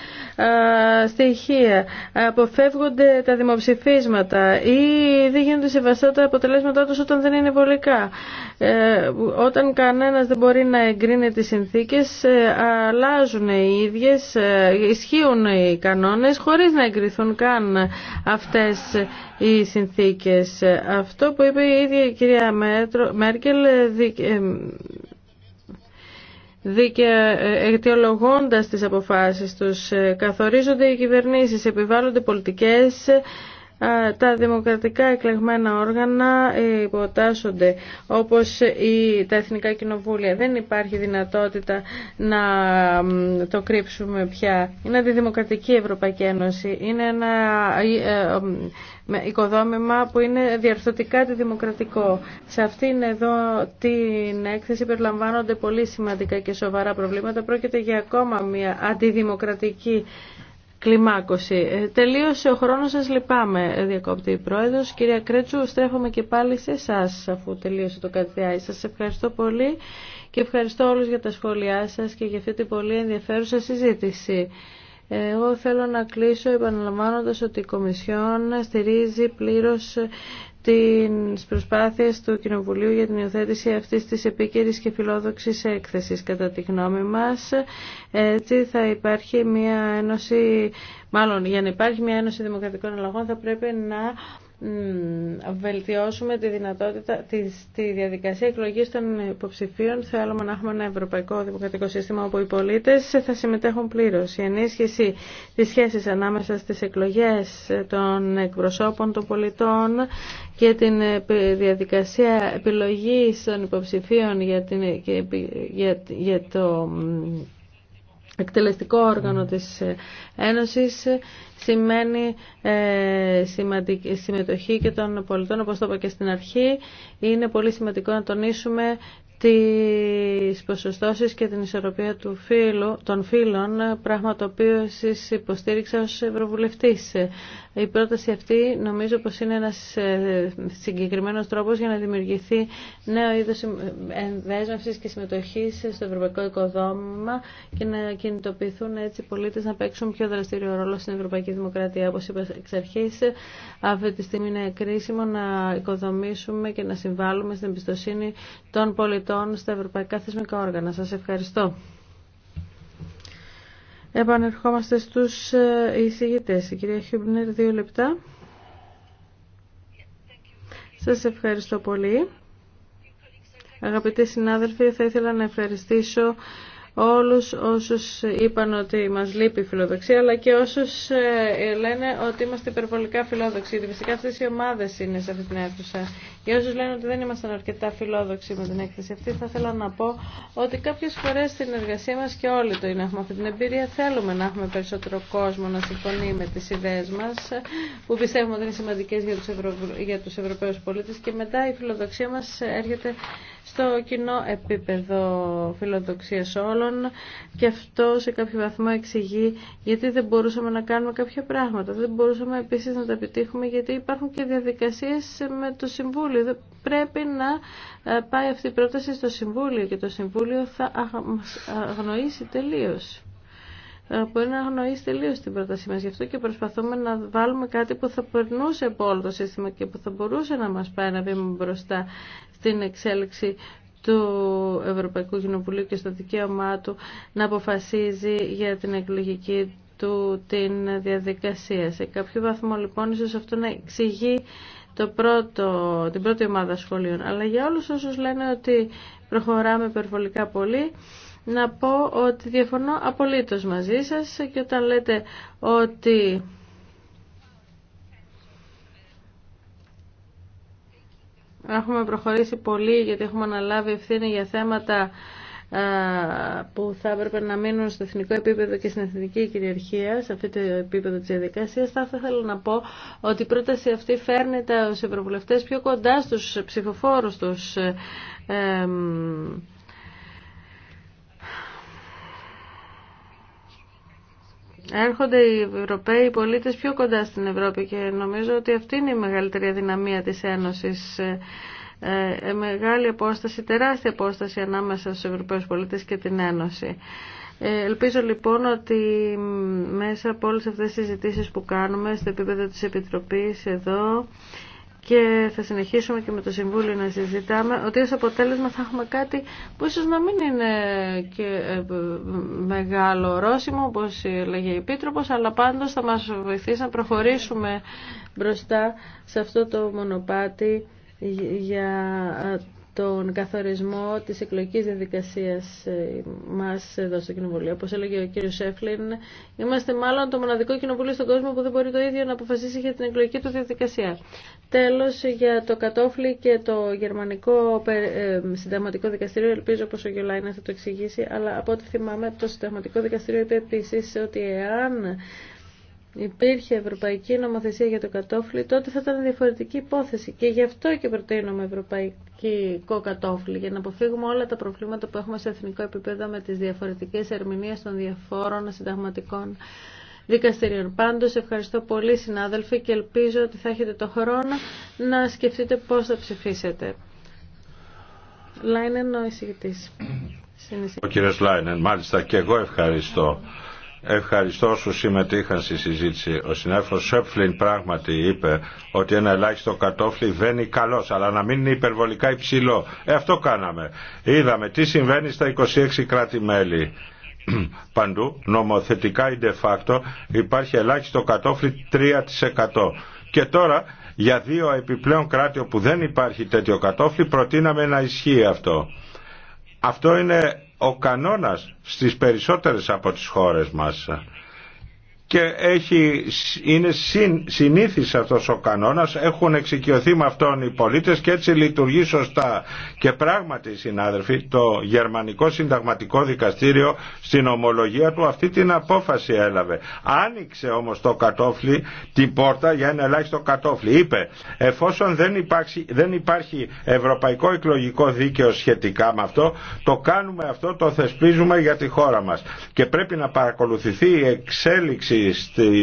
[SPEAKER 1] στοιχεία. Αποφεύγονται τα δημοψηφίσματα ή δεν γίνονται σεβαστά τα αποτελέσματά τους όταν δεν είναι βολικά. Ε, όταν κανένας δεν μπορεί να εγκρίνει τις συνθήκες, ε, αλλάζουν οι ίδιες, ε, ισχύουν οι κανόνες χωρίς να εγκριθούν καν αυτές οι συνθήκες. Αυτό που είπε η ίδια η κυρία κυρια Μέρκελ ε, δικαιολογώντας ε, ε, αιτιολογώντας τις αποφάσεις τους. Καθορίζονται οι κυβερνήσεις, επιβάλλονται πολιτικές ε, τα δημοκρατικά εκλεγμένα όργανα ε, υποτάσσονται όπως η, τα εθνικά κοινοβούλια. Δεν υπάρχει δυνατότητα να το κρύψουμε πια. Είναι αντιδημοκρατική η Ευρωπαϊκή Ένωση. Είναι ένα ε, οικοδόμημα που είναι διαρθωτικά αντιδημοκρατικό. Σε αυτήν εδώ την έκθεση περιλαμβάνονται πολύ σημαντικά και σοβαρά προβλήματα. Πρόκειται για ακόμα μια αντιδημοκρατική κλιμάκωση. Ε, τελείωσε ο χρόνος σας, λυπάμαι, ε, διακόπτη η Πρόεδρος. Κυρία Κρέτσου, στρέφομαι και πάλι σε εσά αφού τελείωσε το κατδιάι. Σας ευχαριστώ πολύ και ευχαριστώ όλους για τα σχόλιά σας και για αυτή την πολύ ενδιαφέρουσα συζήτηση. Εγώ θέλω να κλείσω επαναλαμβάνοντας ότι η Κομισιόν στηρίζει πλήρως στις προσπάθειες του Κοινοβουλίου για την υιοθέτηση αυτής της επίκαιρης και φιλόδοξης έκθεσης. Κατά τη γνώμη μας, έτσι θα υπάρχει μια ένωση, μάλλον για να υπάρχει μια ένωση δημοκρατικών αλλαγών θα πρέπει να βελτιώσουμε τη δυνατότητα της, τη διαδικασία εκλογής των υποψηφίων. Θέλουμε να έχουμε ένα ευρωπαϊκό δημοκρατικό σύστημα όπου οι πολίτες θα συμμετέχουν πλήρως. Η ενίσχυση της σχέσης ανάμεσα στις εκλογές των εκπροσώπων των πολιτών και την διαδικασία επιλογής των υποψηφίων για, την, για, για το εκτελεστικό όργανο mm. της ε, Ένωσης ε, σημαίνει ε, συμμετοχή και των πολιτών, όπως το είπα και στην αρχή. Είναι πολύ σημαντικό να τονίσουμε τις ποσοστώσεις και την ισορροπία του φύλου, των φύλων, πράγμα το οποίο εσείς υποστήριξα ως Ευρωβουλευτής. Η πρόταση αυτή νομίζω πως είναι ένας ε, συγκεκριμένος τρόπος για να δημιουργηθεί νέο είδος ενδέσμευσης και συμμετοχής στο ευρωπαϊκό οικοδόμημα και να κινητοποιηθούν έτσι οι πολίτες να παίξουν πιο δραστήριο ρόλο στην ευρωπαϊκή δημοκρατία. Όπως είπα εξ αρχής, αυτή τη στιγμή είναι κρίσιμο να οικοδομήσουμε και να συμβάλλουμε στην εμπιστοσύνη των πολιτών στα ευρωπαϊκά θεσμικά όργανα. Σας ευχαριστώ. Επανερχόμαστε στους ε, εισηγητές. Η κυρία Χιούμπνερ, δύο λεπτά. Σας ευχαριστώ πολύ. Αγαπητοί συνάδελφοι, θα ήθελα να ευχαριστήσω όλους όσους είπαν ότι μας λείπει η φιλοδοξία, αλλά και όσους ε, λένε ότι είμαστε υπερβολικά φιλόδοξοι. Φυσικά αυτές οι ομάδες είναι σε αυτή την αίθουσα. Για όσου λένε ότι δεν ήμασταν αρκετά φιλόδοξοι με την έκθεση αυτή, θα ήθελα να πω ότι κάποιε φορέ στην εργασία μα και όλοι το είναι, έχουμε αυτή την εμπειρία, θέλουμε να έχουμε περισσότερο κόσμο να συμφωνεί με τις ιδέες μας, που πιστεύουμε ότι είναι σημαντικέ για του Ευρω... για και μετά η φιλοδοξία μα έρχεται στο κοινό επίπεδο φιλοδοξία όλων και αυτό σε κάποιο βαθμό εξηγεί γιατί δεν μπορούσαμε να κάνουμε κάποια πράγματα. Δεν μπορούσαμε επίση να τα επιτύχουμε γιατί υπάρχουν και διαδικασίε με το Συμβούλιο δεν Πρέπει να ε, πάει αυτή η πρόταση στο Συμβούλιο και το Συμβούλιο θα αγνοήσει τελείως ε, μπορεί να αγνοήσει τελείω την πρότασή μα. Γι' αυτό και προσπαθούμε να βάλουμε κάτι που θα περνούσε από όλο το σύστημα και που θα μπορούσε να μα πάει να βήμα μπροστά στην εξέλιξη του Ευρωπαϊκού Κοινοβουλίου και στο δικαίωμά του να αποφασίζει για την εκλογική του την διαδικασία. Σε κάποιο βαθμό λοιπόν ίσως αυτό να εξηγεί το πρώτο, την πρώτη ομάδα σχολείων. Αλλά για όλους όσους λένε ότι προχωράμε υπερβολικά πολύ, να πω ότι διαφωνώ απολύτως μαζί σας και όταν λέτε ότι έχουμε προχωρήσει πολύ γιατί έχουμε αναλάβει ευθύνη για θέματα που θα έπρεπε να μείνουν στο εθνικό επίπεδο και στην εθνική κυριαρχία, σε αυτό το επίπεδο της διαδικασίας, θα ήθελα να πω ότι η πρόταση αυτή φέρνεται ως ευρωβουλευτές πιο κοντά στους ψηφοφόρους τους. Έρχονται οι Ευρωπαίοι πολίτες πιο κοντά στην Ευρώπη και νομίζω ότι αυτή είναι η μεγαλύτερη αδυναμία της Ένωσης ε, ε, μεγάλη απόσταση, τεράστια απόσταση ανάμεσα στους Ευρωπαίους πολίτες και την Ένωση. Ε, ελπίζω λοιπόν ότι μέσα από όλες αυτές τις συζητήσεις που κάνουμε στο επίπεδο της Επιτροπής εδώ και θα συνεχίσουμε και με το Συμβούλιο να συζητάμε ότι ως αποτέλεσμα θα έχουμε κάτι που ίσως να μην είναι και μεγάλο ορόσημο όπως λέγει η Επίτροπος αλλά πάντως θα μας βοηθήσει να προχωρήσουμε μπροστά σε αυτό το μονοπάτι για ε, τον καθορισμό της εκλογικής διαδικασίας ε, μας εδώ στο Κοινοβουλίο. Όπως έλεγε ο κύριος Σέφλιν, είμαστε μάλλον το μοναδικό κοινοβούλιο στον κόσμο που δεν μπορεί το ίδιο να αποφασίσει για την εκλογική του διαδικασία. Τέλος, για το κατόφλι και το γερμανικό ε, συνταγματικό δικαστήριο, ελπίζω πως ο Γιολάινα θα το εξηγήσει, αλλά από ό,τι θυμάμαι το συνταγματικό δικαστήριο είπε επίση ότι εάν υπήρχε ευρωπαϊκή νομοθεσία για το κατόφλι, τότε θα ήταν διαφορετική υπόθεση. Και γι' αυτό και προτείνουμε ευρωπαϊκό κατόφλι, για να αποφύγουμε όλα τα προβλήματα που έχουμε σε εθνικό επίπεδο με τις διαφορετικές ερμηνείες των διαφόρων συνταγματικών δικαστηρίων. Πάντως ευχαριστώ πολύ συνάδελφοι και ελπίζω ότι θα έχετε το χρόνο να σκεφτείτε πώς θα ψηφίσετε. Λάινεν ο εισηγητής. Ο
[SPEAKER 2] κύριος Λάινεν, μάλιστα και εγώ ευχαριστώ. Ευχαριστώ όσου συμμετείχαν στη συζήτηση. Ο συνάδελφο Σέπφλιν πράγματι είπε ότι ένα ελάχιστο κατόφλι βαίνει καλός, αλλά να μην είναι υπερβολικά υψηλό. Ε, αυτό κάναμε. Είδαμε τι συμβαίνει στα 26 κράτη-μέλη παντού νομοθετικά ή de facto υπάρχει ελάχιστο κατόφλι 3%. Και τώρα για δύο επιπλέον κράτη όπου δεν υπάρχει τέτοιο κατόφλι προτείναμε να ισχύει αυτό. Αυτό είναι ο κανόνας στις περισσότερες από τις χώρες μας και έχει, είναι συν, συνήθις αυτός ο κανόνας, έχουν εξοικειωθεί με αυτόν οι πολίτες και έτσι λειτουργεί σωστά. Και πράγματι συνάδελφοι, το Γερμανικό Συνταγματικό Δικαστήριο στην ομολογία του αυτή την απόφαση έλαβε. Άνοιξε όμως το κατόφλι, την πόρτα για ένα ελάχιστο κατόφλι. Είπε, εφόσον δεν υπάρχει, δεν υπάρχει ευρωπαϊκό εκλογικό δίκαιο σχετικά με αυτό, το κάνουμε αυτό, το θεσπίζουμε για τη χώρα μας. Και πρέπει να παρακολουθηθεί η εξέλιξη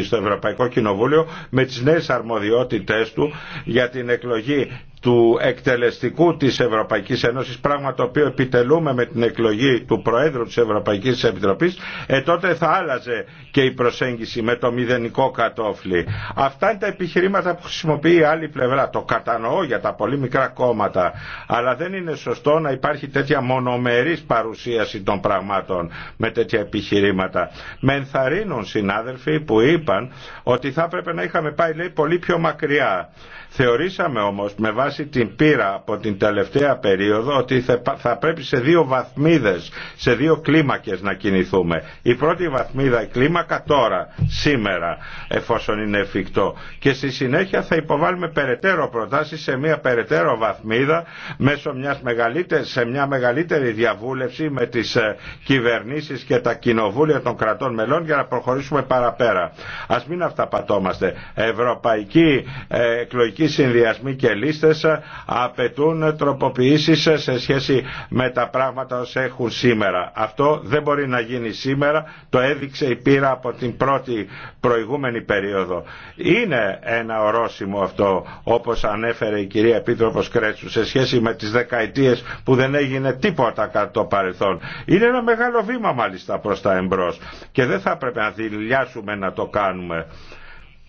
[SPEAKER 2] στο Ευρωπαϊκό Κοινοβούλιο με τις νέες αρμοδιότητες του για την εκλογή του εκτελεστικού της Ευρωπαϊκής Ένωσης, πράγμα το οποίο επιτελούμε με την εκλογή του Προέδρου της Ευρωπαϊκής Επιτροπής, ε, τότε θα άλλαζε και η προσέγγιση με το μηδενικό κατόφλι. Αυτά είναι τα επιχειρήματα που χρησιμοποιεί η άλλη πλευρά. Το κατανοώ για τα πολύ μικρά κόμματα, αλλά δεν είναι σωστό να υπάρχει τέτοια μονομερής παρουσίαση των πραγμάτων με τέτοια επιχειρήματα. Με ενθαρρύνουν συνάδελφοι που είπαν ότι θα έπρεπε να είχαμε πάει λέει, πολύ πιο μακριά. Θεωρήσαμε όμως με βάση την πείρα από την τελευταία περίοδο ότι θα πρέπει σε δύο βαθμίδες, σε δύο κλίμακες να κινηθούμε. Η πρώτη βαθμίδα, η κλίμακα τώρα, σήμερα, εφόσον είναι εφικτό. Και στη συνέχεια θα υποβάλουμε περαιτέρω προτάσεις σε μια περαιτέρω βαθμίδα μέσω μιας μεγαλύτερης, σε μια μεγαλύτερη διαβούλευση με τις ε, κυβερνήσεις και τα κοινοβούλια των κρατών μελών για να προχωρήσουμε παραπέρα. Ας μην αυταπατώμαστε. Ευρωπαϊκοί ε, εκλογικοί συνδυασμοί και λίστες ε, απαιτούν τροποποιήσεις ε, σε σχέση με τα πράγματα όσα έχουν σήμερα. Αυτό δεν μπορεί να γίνει σήμερα, το έδειξε η πείρα από την πρώτη προηγούμενη περίοδο. Είναι ένα ορόσημο αυτό, όπως ανέφερε η κυρία Επίτροπος Κρέτσου, σε σχέση με τις δεκαετίες που δεν έγινε τίποτα κατά το παρελθόν. Είναι ένα μεγάλο βήμα μάλιστα προς τα εμπρός και δεν θα έπρεπε να δηλιάσουμε να το κάνουμε.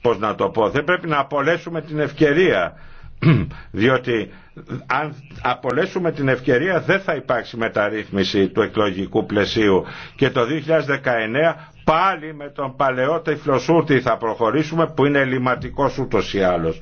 [SPEAKER 2] Πώς να το πω, δεν πρέπει να απολέσουμε την ευκαιρία διότι αν απολέσουμε την ευκαιρία δεν θα υπάρξει μεταρρύθμιση του εκλογικού πλαισίου και το 2019 πάλι με τον παλαιό τυφλοσούρτη θα προχωρήσουμε που είναι ελληματικός ούτως ή άλλως.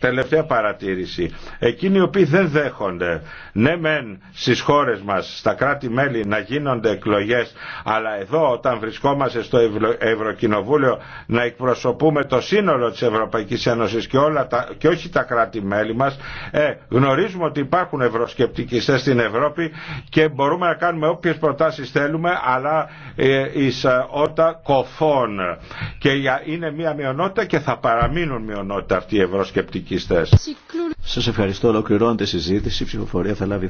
[SPEAKER 2] Τελευταία παρατήρηση. Εκείνοι οι οποίοι δεν δέχονται, ναι μεν στις χώρες μας, στα κράτη-μέλη να γίνονται εκλογές, αλλά εδώ όταν βρισκόμαστε στο Ευρωκοινοβούλιο να εκπροσωπούμε το σύνολο της Ευρωπαϊκής Ένωσης και, όλα και όχι τα κράτη-μέλη μας, ε, γνωρίζουμε ότι υπάρχουν ευρωσκεπτικιστές στην Ευρώπη και μπορούμε να κάνουμε όποιες προτάσεις θέλουμε, αλλά ε, εις ε, ότα κοφών. Και είναι μια μειονότητα και θα παραμείνουν μειονότητα αυτοί οι ευρωσκεπτικοί σας ευχαριστώ. Ολοκληρώνεται η συζήτηση. Η ψηφοφορία θα λάβει